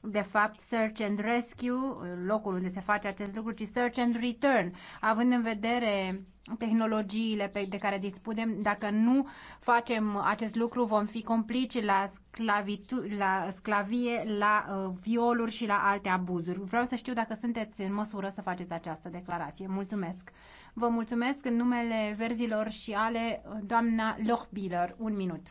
de fapt search and rescue, locul unde se face acest lucru, ci search and return, având în vedere tehnologiile pe, de care dispunem, dacă nu facem acest lucru, vom fi complici la, sclavitu- la sclavie, la uh, violuri și la alte abuzuri. Vreau să știu dacă sunteți în măsură să faceți această declarație. Mulțumesc! Vă mulțumesc în numele verzilor și ale uh, doamna Lochbiller. Un minut.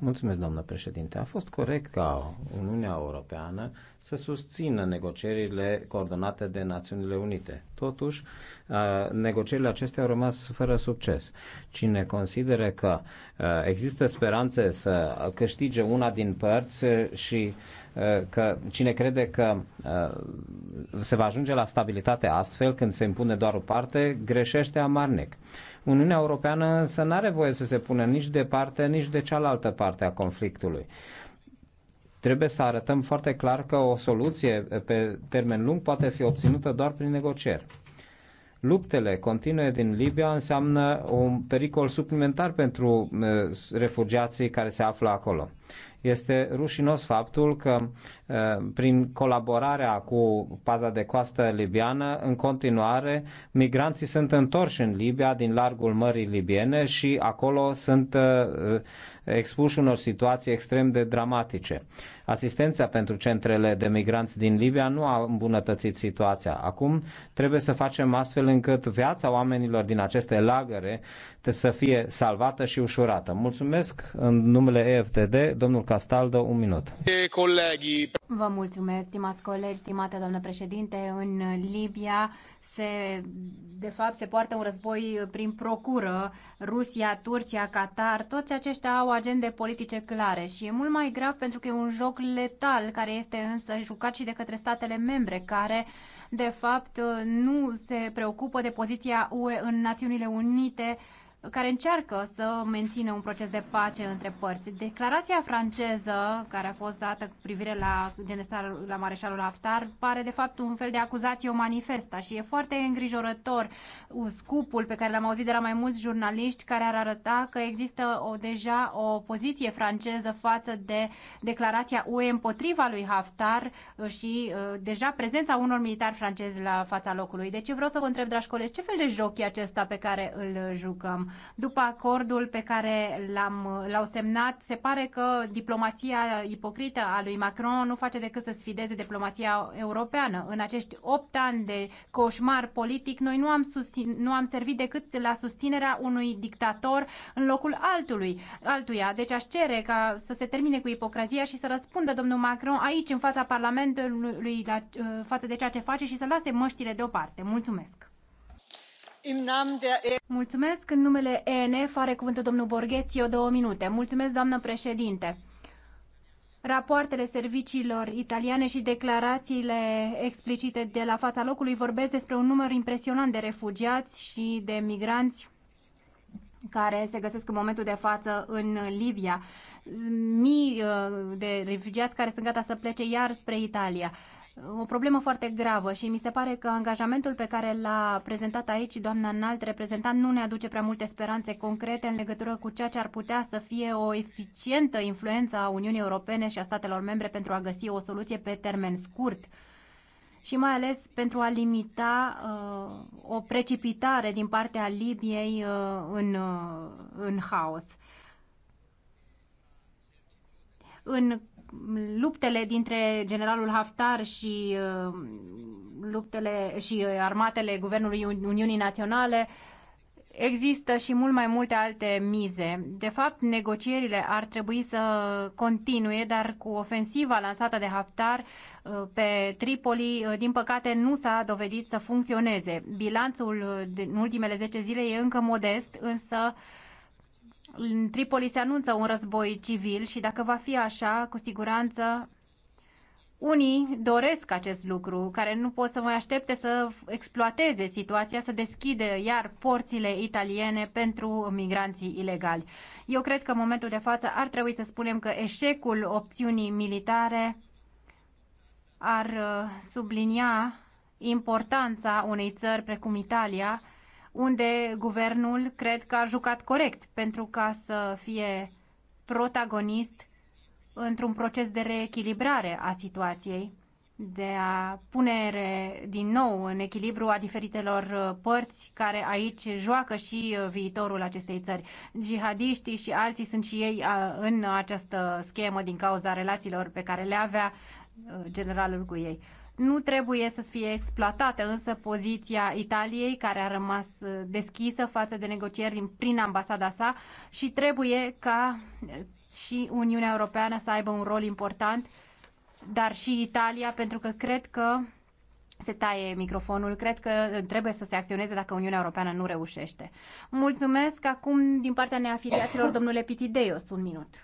Mulțumesc, doamnă președinte. A fost corect ca Uniunea Europeană să susțină negocierile coordonate de Națiunile Unite. Totuși, uh, negocierile acestea au rămas fără succes. Cine consideră că uh, există speranțe să câștige una din părți și Eh, că cine crede că eh, se va ajunge la stabilitate astfel când se impune doar o parte, greșește amarnic. Uniunea Europeană să nu are voie să se pună nici de parte, nici de cealaltă parte a conflictului. Trebuie să arătăm foarte clar că o soluție eh, pe termen lung poate fi obținută doar prin negocieri. Luptele continue din Libia înseamnă un pericol suplimentar pentru refugiații care se află acolo. Este rușinos faptul că uh, prin colaborarea cu paza de coastă libiană, în continuare, migranții sunt întorși în Libia din largul Mării Libiene și acolo sunt uh, uh, expuși unor situații extrem de dramatice. Asistența pentru centrele de migranți din Libia nu a îmbunătățit situația. Acum trebuie să facem astfel încât viața oamenilor din aceste lagăre să fie salvată și ușurată. Mulțumesc în numele EFTD, domnul Castaldo, un minut. Vă mulțumesc, stimați colegi, stimate domnule președinte. În Libia se, de fapt, se poartă un război prin procură. Rusia, Turcia, Qatar, toți aceștia au agende politice clare și e mult mai grav pentru că e un joc joc letal care este însă jucat și de către statele membre care de fapt nu se preocupă de poziția UE în Națiunile Unite care încearcă să mențină un proces de pace între părți. Declarația franceză care a fost dată cu privire la, la mareșalul Haftar pare de fapt un fel de acuzație manifesta și e foarte îngrijorător scupul pe care l-am auzit de la mai mulți jurnaliști care ar arăta că există o, deja o poziție franceză față de declarația UE împotriva lui Haftar uh, și uh, deja prezența unor militari francezi la fața locului. Deci eu vreau să vă întreb, dragi colegi, ce fel de joc e acesta pe care îl uh, jucăm? După acordul pe care l-am, l-au semnat, se pare că diplomația ipocrită a lui Macron nu face decât să sfideze diplomația europeană. În acești opt ani de coșmar politic, noi nu am, susțin, nu am servit decât la susținerea unui dictator în locul altului, altuia. Deci aș cere ca să se termine cu ipocrazia și să răspundă domnul Macron aici, în fața Parlamentului, la, uh, față de ceea ce face și să lase măștile deoparte. Mulțumesc! Mulțumesc. În numele ENF are cuvântul domnul eu două minute. Mulțumesc, doamnă președinte. Rapoartele serviciilor italiane și declarațiile explicite de la fața locului vorbesc despre un număr impresionant de refugiați și de migranți care se găsesc în momentul de față în Libia. Mii uh, de refugiați care sunt gata să plece iar spre Italia o problemă foarte gravă și mi se pare că angajamentul pe care l-a prezentat aici doamna înalt reprezentant nu ne aduce prea multe speranțe concrete în legătură cu ceea ce ar putea să fie o eficientă influență a Uniunii Europene și a statelor membre pentru a găsi o soluție pe termen scurt și mai ales pentru a limita uh, o precipitare din partea Libiei uh, în, uh, în haos. În luptele dintre generalul Haftar și uh, luptele și uh, armatele Guvernului Uniunii Naționale există și mult mai multe alte mize. De fapt, negocierile ar trebui să continue, dar cu ofensiva lansată de Haftar uh, pe Tripoli, din păcate, nu s-a dovedit să funcționeze. Bilanțul din ultimele 10 zile e încă modest, însă uh, în Tripoli se anunță un război civil și dacă va fi așa, cu siguranță unii doresc acest lucru, care nu pot să mai aștepte să exploateze situația, să deschide iar porțile italiene pentru migranții ilegali. Eu cred că în momentul de față ar trebui să spunem că eșecul opțiunii militare ar uh, sublinia importanța unei țări precum Italia, unde guvernul cred că a jucat corect pentru ca să fie protagonist într-un proces de reechilibrare a situației, de a pune din nou în echilibru a diferitelor uh, părți care aici joacă și uh, viitorul acestei țări. Jihadiștii și alții sunt și ei uh, în această schemă din cauza relațiilor pe care le avea generalul cu ei nu trebuie să fie exploatată însă poziția Italiei, care a rămas uh, deschisă față de negocieri prin ambasada sa și trebuie ca uh, și Uniunea Europeană să aibă un rol important, dar și Italia, pentru că cred că se taie microfonul. Cred că uh, trebuie să se acționeze dacă Uniunea Europeană nu reușește. Mulțumesc. Acum, din partea neafiliaților, domnule Pitideos, un minut.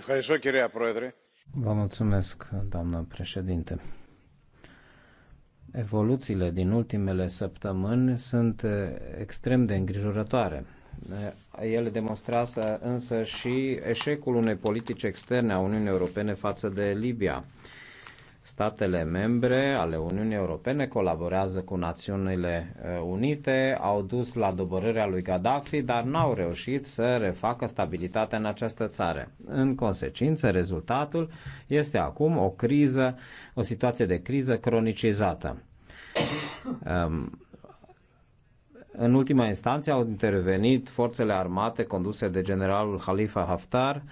Ευχαριστώ, κυρία Πρόεδρε. Vă mulțumesc, doamnă președinte. Evoluțiile din ultimele săptămâni sunt extrem de îngrijorătoare. Ele demonstrează însă și eșecul unei politici externe a Uniunii Europene față de Libia Statele membre ale Uniunii Europene colaborează cu Națiunile uh, Unite, au dus la dobărârea lui Gaddafi, dar n-au reușit să refacă stabilitatea în această țară. În consecință, rezultatul este acum o criză, o situație de criză cronicizată. Um, în ultima instanță au intervenit forțele armate conduse de generalul Khalifa Haftar,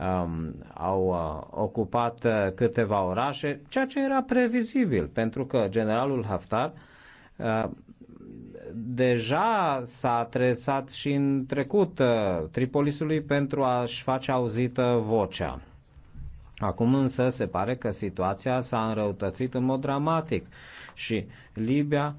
um, au uh, ocupat uh, câteva orașe, ceea ce era previzibil, pentru că generalul Haftar uh, deja s-a adresat și în trecut uh, Tripolisului pentru a-și face auzită vocea. Acum însă se pare că situația s-a înrăutățit în mod dramatic și Libia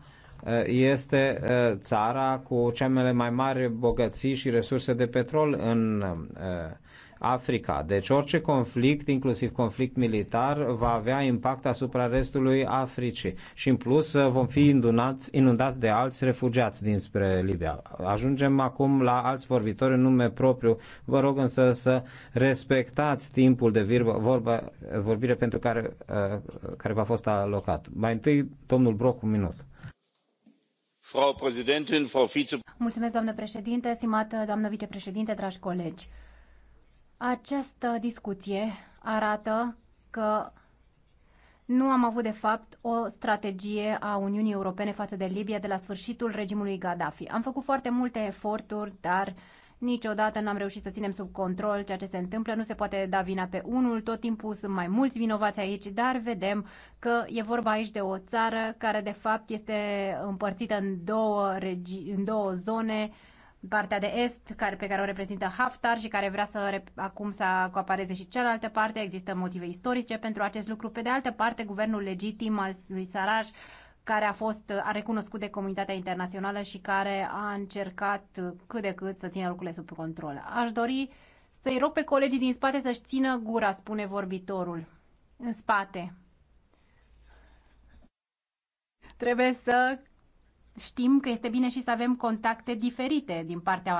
uh, este uh, țara cu cele mai mari bogății și resurse de petrol în uh, Africa. Deci orice conflict, inclusiv conflict militar, va avea impact asupra restului Africii. Și în plus uh, vom fi inundați, inundați de alți refugiați dinspre Libia. Ajungem acum la alți vorbitori în nume propriu. Vă rog însă să respectați timpul de virbă, vorba, vorbire pentru care, uh, care v-a fost alocat. Mai întâi, domnul Broc, un minut. Frau Frau Mulțumesc, doamnă președinte, stimată doamnă vicepreședinte, dragi colegi această discuție arată că nu am avut, de fapt, o strategie a Uniunii Europene față de Libia de la sfârșitul regimului Gaddafi. Am făcut foarte multe eforturi, dar niciodată n-am reușit să ținem sub control ceea ce se întâmplă. Nu se poate da vina pe unul, tot timpul sunt mai mulți vinovați aici, dar vedem că e vorba aici de o țară care, de fapt, este împărțită în două, regi- în două zone partea de est care, pe care o reprezintă Haftar și care vrea să acum să coapareze și cealaltă parte. Există motive istorice pentru acest lucru. Pe de altă parte, guvernul legitim al lui Saraj care a fost a recunoscut de comunitatea internațională și care a încercat cât de cât să țină lucrurile sub control. Aș dori să-i rog pe colegii din spate să-și țină gura, spune vorbitorul. În spate. Trebuie să știm că este bine și să avem contacte diferite din partea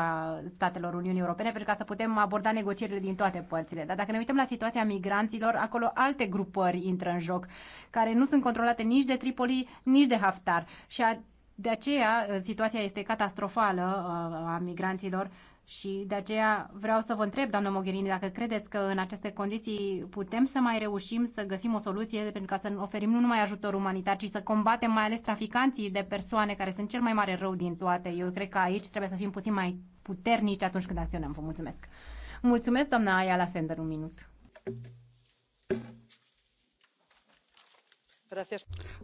statelor Uniunii Europene pentru ca să putem aborda negocierile din toate părțile. Dar dacă ne uităm la situația migranților, acolo alte grupări intră în joc, care nu sunt controlate nici de Tripoli, nici de Haftar. Și a, de aceea uh, situația este catastrofală uh, a migranților și de aceea vreau să vă întreb, doamnă Mogherini, dacă credeți că în aceste condiții putem să mai reușim să găsim o soluție pentru ca să oferim nu numai ajutor umanitar, ci să combatem mai ales traficanții de persoane care sunt cel mai mare rău din toate. Eu cred că aici trebuie să fim puțin mai puternici atunci când acționăm. Vă mulțumesc. Mulțumesc, doamna Aia, la sender un minut.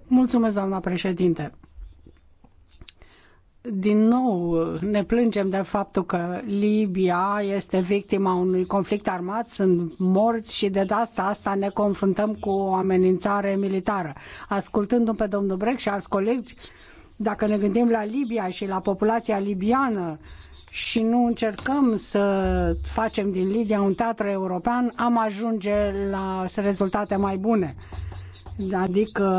Mulțumesc, doamna președinte din nou ne plângem de faptul că Libia este victima unui conflict armat, sunt morți și de data asta ne confruntăm cu o amenințare militară. Ascultându-l pe domnul Brec și alți colegi, dacă ne gândim la Libia și la populația libiană și nu încercăm să facem din Libia un teatru european, am ajunge la rezultate mai bune adică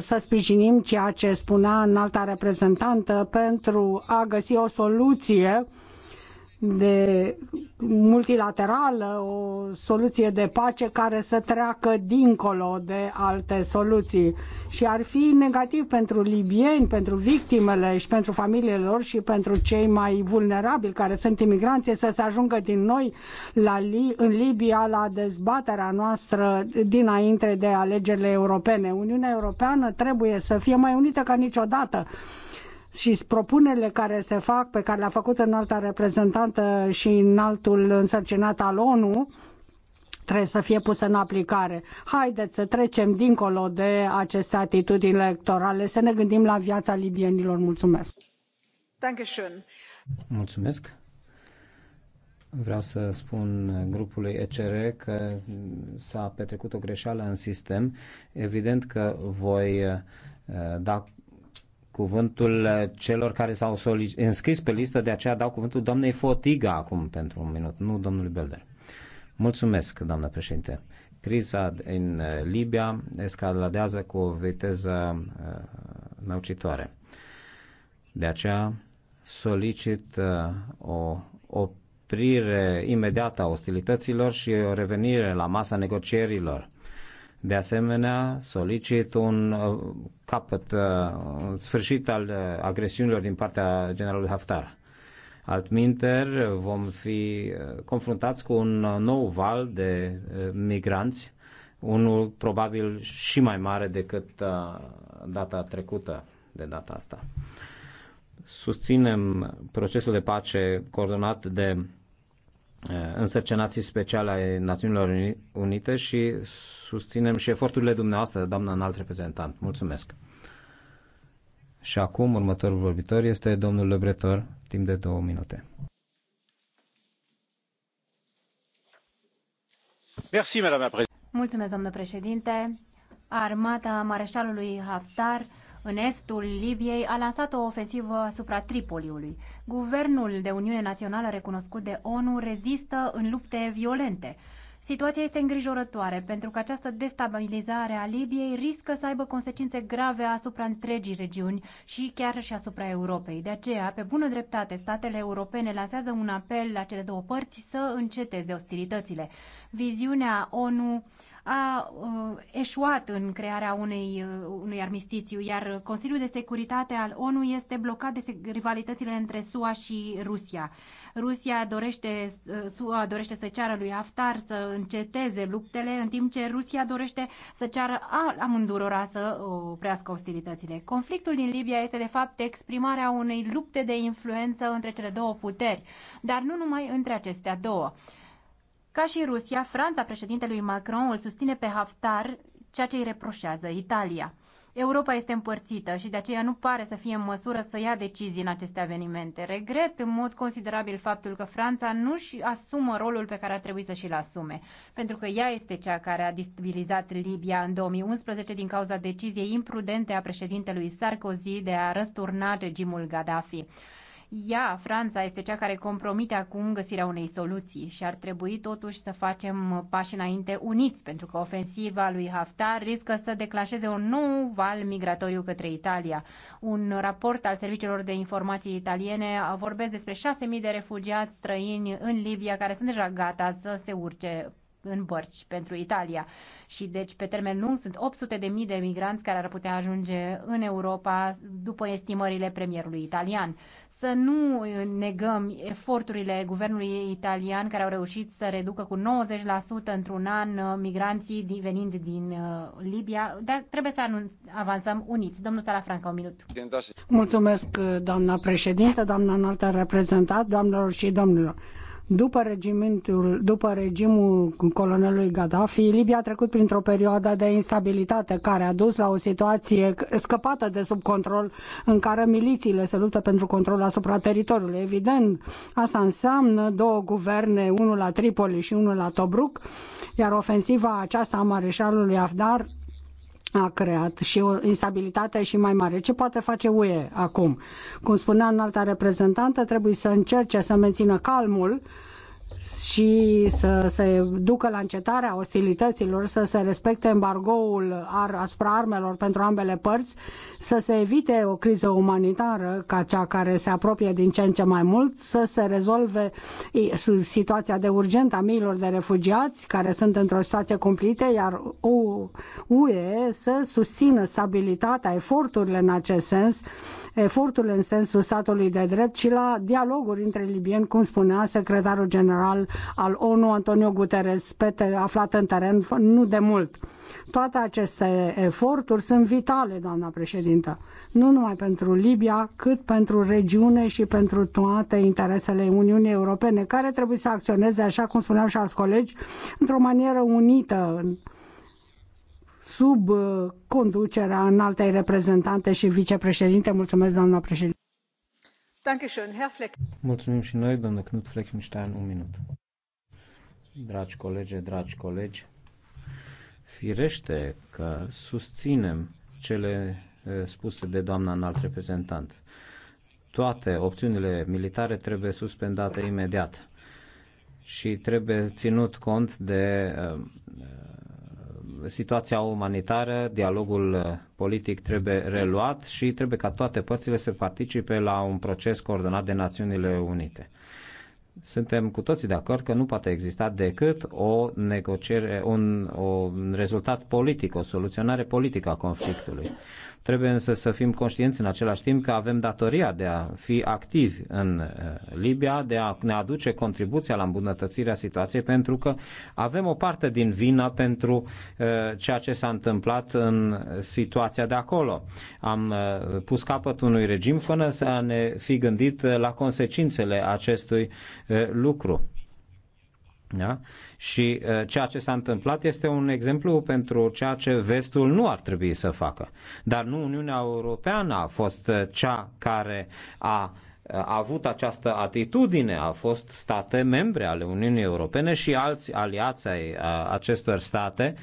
să sprijinim ceea ce spunea înalta reprezentantă pentru a găsi o soluție de multilaterală, o soluție de pace care să treacă dincolo de alte soluții. Și ar fi negativ pentru libieni, pentru victimele și pentru familiile lor și pentru cei mai vulnerabili care sunt imigranții să se ajungă din noi la Li- în Libia la dezbaterea noastră dinainte de alegerile europene. Uniunea Europeană trebuie să fie mai unită ca niciodată și propunerile care se fac, pe care le-a făcut înalta reprezentantă și înaltul însărcinat al ONU, trebuie să fie pusă în aplicare. Haideți să trecem dincolo de aceste atitudini electorale, să ne gândim la viața libienilor. Mulțumesc! Mulțumesc! Vreau să spun grupului ECR că s-a petrecut o greșeală în sistem. Evident că voi uh, da cuvântul celor care s-au înscris pe listă, de aceea dau cuvântul doamnei Fotiga acum pentru un minut, nu domnului Belder. Mulțumesc, doamnă președinte. Criza în uh, Libia escaladează cu o viteză uh, năucitoare. De aceea solicit uh, o oprire imediată a ostilităților și o revenire la masa negocierilor de asemenea, solicit un uh, capăt, uh, un sfârșit al uh, agresiunilor din partea generalului Haftar. Altminteri, vom fi confruntați cu un nou val de migranți, unul probabil și mai mare decât data trecută, de data asta. Susținem procesul de pace coordonat de Eh, însărcenații speciale ai Națiunilor Unite și susținem și eforturile dumneavoastră, doamnă înalt reprezentant. Mulțumesc! Și acum următorul vorbitor este domnul Lebretor, timp de două minute. Mulțumesc, doamnă președinte. Armata mareșalului Haftar în estul Libiei a lansat o ofensivă asupra Tripoliului. Guvernul de Uniune Națională recunoscut de ONU rezistă în lupte violente. Situația este îngrijorătoare pentru că această destabilizare a Libiei riscă să aibă consecințe grave asupra întregii regiuni și chiar și asupra Europei. De aceea, pe bună dreptate, statele europene lansează un apel la cele două părți să înceteze ostilitățile. Viziunea ONU a uh, eșuat în crearea unei, uh, unui armistițiu, iar Consiliul de Securitate al ONU este blocat de rivalitățile între SUA și Rusia. Rusia dorește, uh, SUA dorește să ceară lui Haftar să înceteze luptele, în timp ce Rusia dorește să ceară amândurora să oprească ostilitățile. Conflictul din Libia este, de fapt, exprimarea unei lupte de influență între cele două puteri, dar nu numai între acestea două. Ca și Rusia, Franța președintelui Macron îl susține pe Haftar, ceea ce îi reproșează Italia. Europa este împărțită și de aceea nu pare să fie în măsură să ia decizii în aceste evenimente. Regret în mod considerabil faptul că Franța nu și asumă rolul pe care ar trebui să și-l asume, pentru că ea este cea care a destabilizat Libia în 2011 din cauza deciziei imprudente a președintelui Sarkozy de a răsturna regimul Gaddafi. Ia, Franța, este cea care compromite acum găsirea unei soluții și ar trebui totuși să facem pași înainte uniți, pentru că ofensiva lui Haftar riscă să declanșeze un nou val migratoriu către Italia. Un raport al serviciilor de informații italiene vorbesc despre 6.000 de refugiați străini în Libia care sunt deja gata să se urce în bărci pentru Italia. Și deci, pe termen lung, sunt 800 de mii de migranți care ar putea ajunge în Europa, după estimările premierului italian să nu negăm eforturile guvernului italian care au reușit să reducă cu 90% într-un an uh, migranții venind din uh, Libia, dar trebuie să avansăm uniți. Domnul Salafranca, un minut. Mulțumesc, uh, doamna președintă, doamna înaltă reprezentat, doamnelor și domnilor după, regimentul, după regimul colonelului Gaddafi, Libia a trecut printr-o perioadă de instabilitate care a dus la o situație scăpată de sub control în care milițiile se luptă pentru control asupra teritoriului. Evident, asta înseamnă două guverne, unul la Tripoli și unul la Tobruk, iar ofensiva aceasta a mareșalului Afdar a creat și o instabilitate și mai mare. Ce poate face UE acum? Cum spunea înalta reprezentantă, trebuie să încerce să mențină calmul și să se ducă la încetarea ostilităților, să se respecte embargoul ar, asupra armelor pentru ambele părți, să se evite o criză umanitară ca cea care se apropie din ce în ce mai mult, să se rezolve situația de urgent a miilor de refugiați care sunt într-o situație cumplită, iar UE să susțină stabilitatea, eforturile în acest sens, eforturile în sensul statului de drept și la dialoguri între libieni, cum spunea secretarul general general al ONU, Antonio Guterres, pe te- aflat în teren nu de mult. Toate aceste eforturi sunt vitale, doamna președintă, nu numai pentru Libia, cât pentru regiune și pentru toate interesele Uniunii Europene, care trebuie să acționeze, așa cum spuneam și alți colegi, într-o manieră unită, sub uh, conducerea înaltei reprezentante și vicepreședinte. Mulțumesc, doamna președinte. Mulțumim și noi, domnule Knut Fleckenstein, un minut. Dragi colegi, dragi colegi, firește că susținem cele spuse de doamna înalt reprezentant. Toate opțiunile militare trebuie suspendate imediat și trebuie ținut cont de situația umanitară, dialogul uh, politic trebuie reluat și trebuie ca toate părțile să participe la un proces coordonat de Națiunile Unite. Suntem cu toții de acord că nu poate exista decât o negociere, un, un rezultat politic, o soluționare politică a conflictului. Trebuie însă să fim conștienți în același timp că avem datoria de a fi activi în uh, Libia, de a ne aduce contribuția la îmbunătățirea situației, pentru că avem o parte din vină pentru uh, ceea ce s-a întâmplat în situația de acolo. Am uh, pus capăt unui regim fără să ne fi gândit la consecințele acestui lucru. Da? Și uh, ceea ce s-a întâmplat este un exemplu pentru ceea ce vestul nu ar trebui să facă. Dar nu Uniunea Europeană a fost uh, cea care a uh, a avut această atitudine, a fost state membre ale Uniunii Europene și alți aliați ai acestor state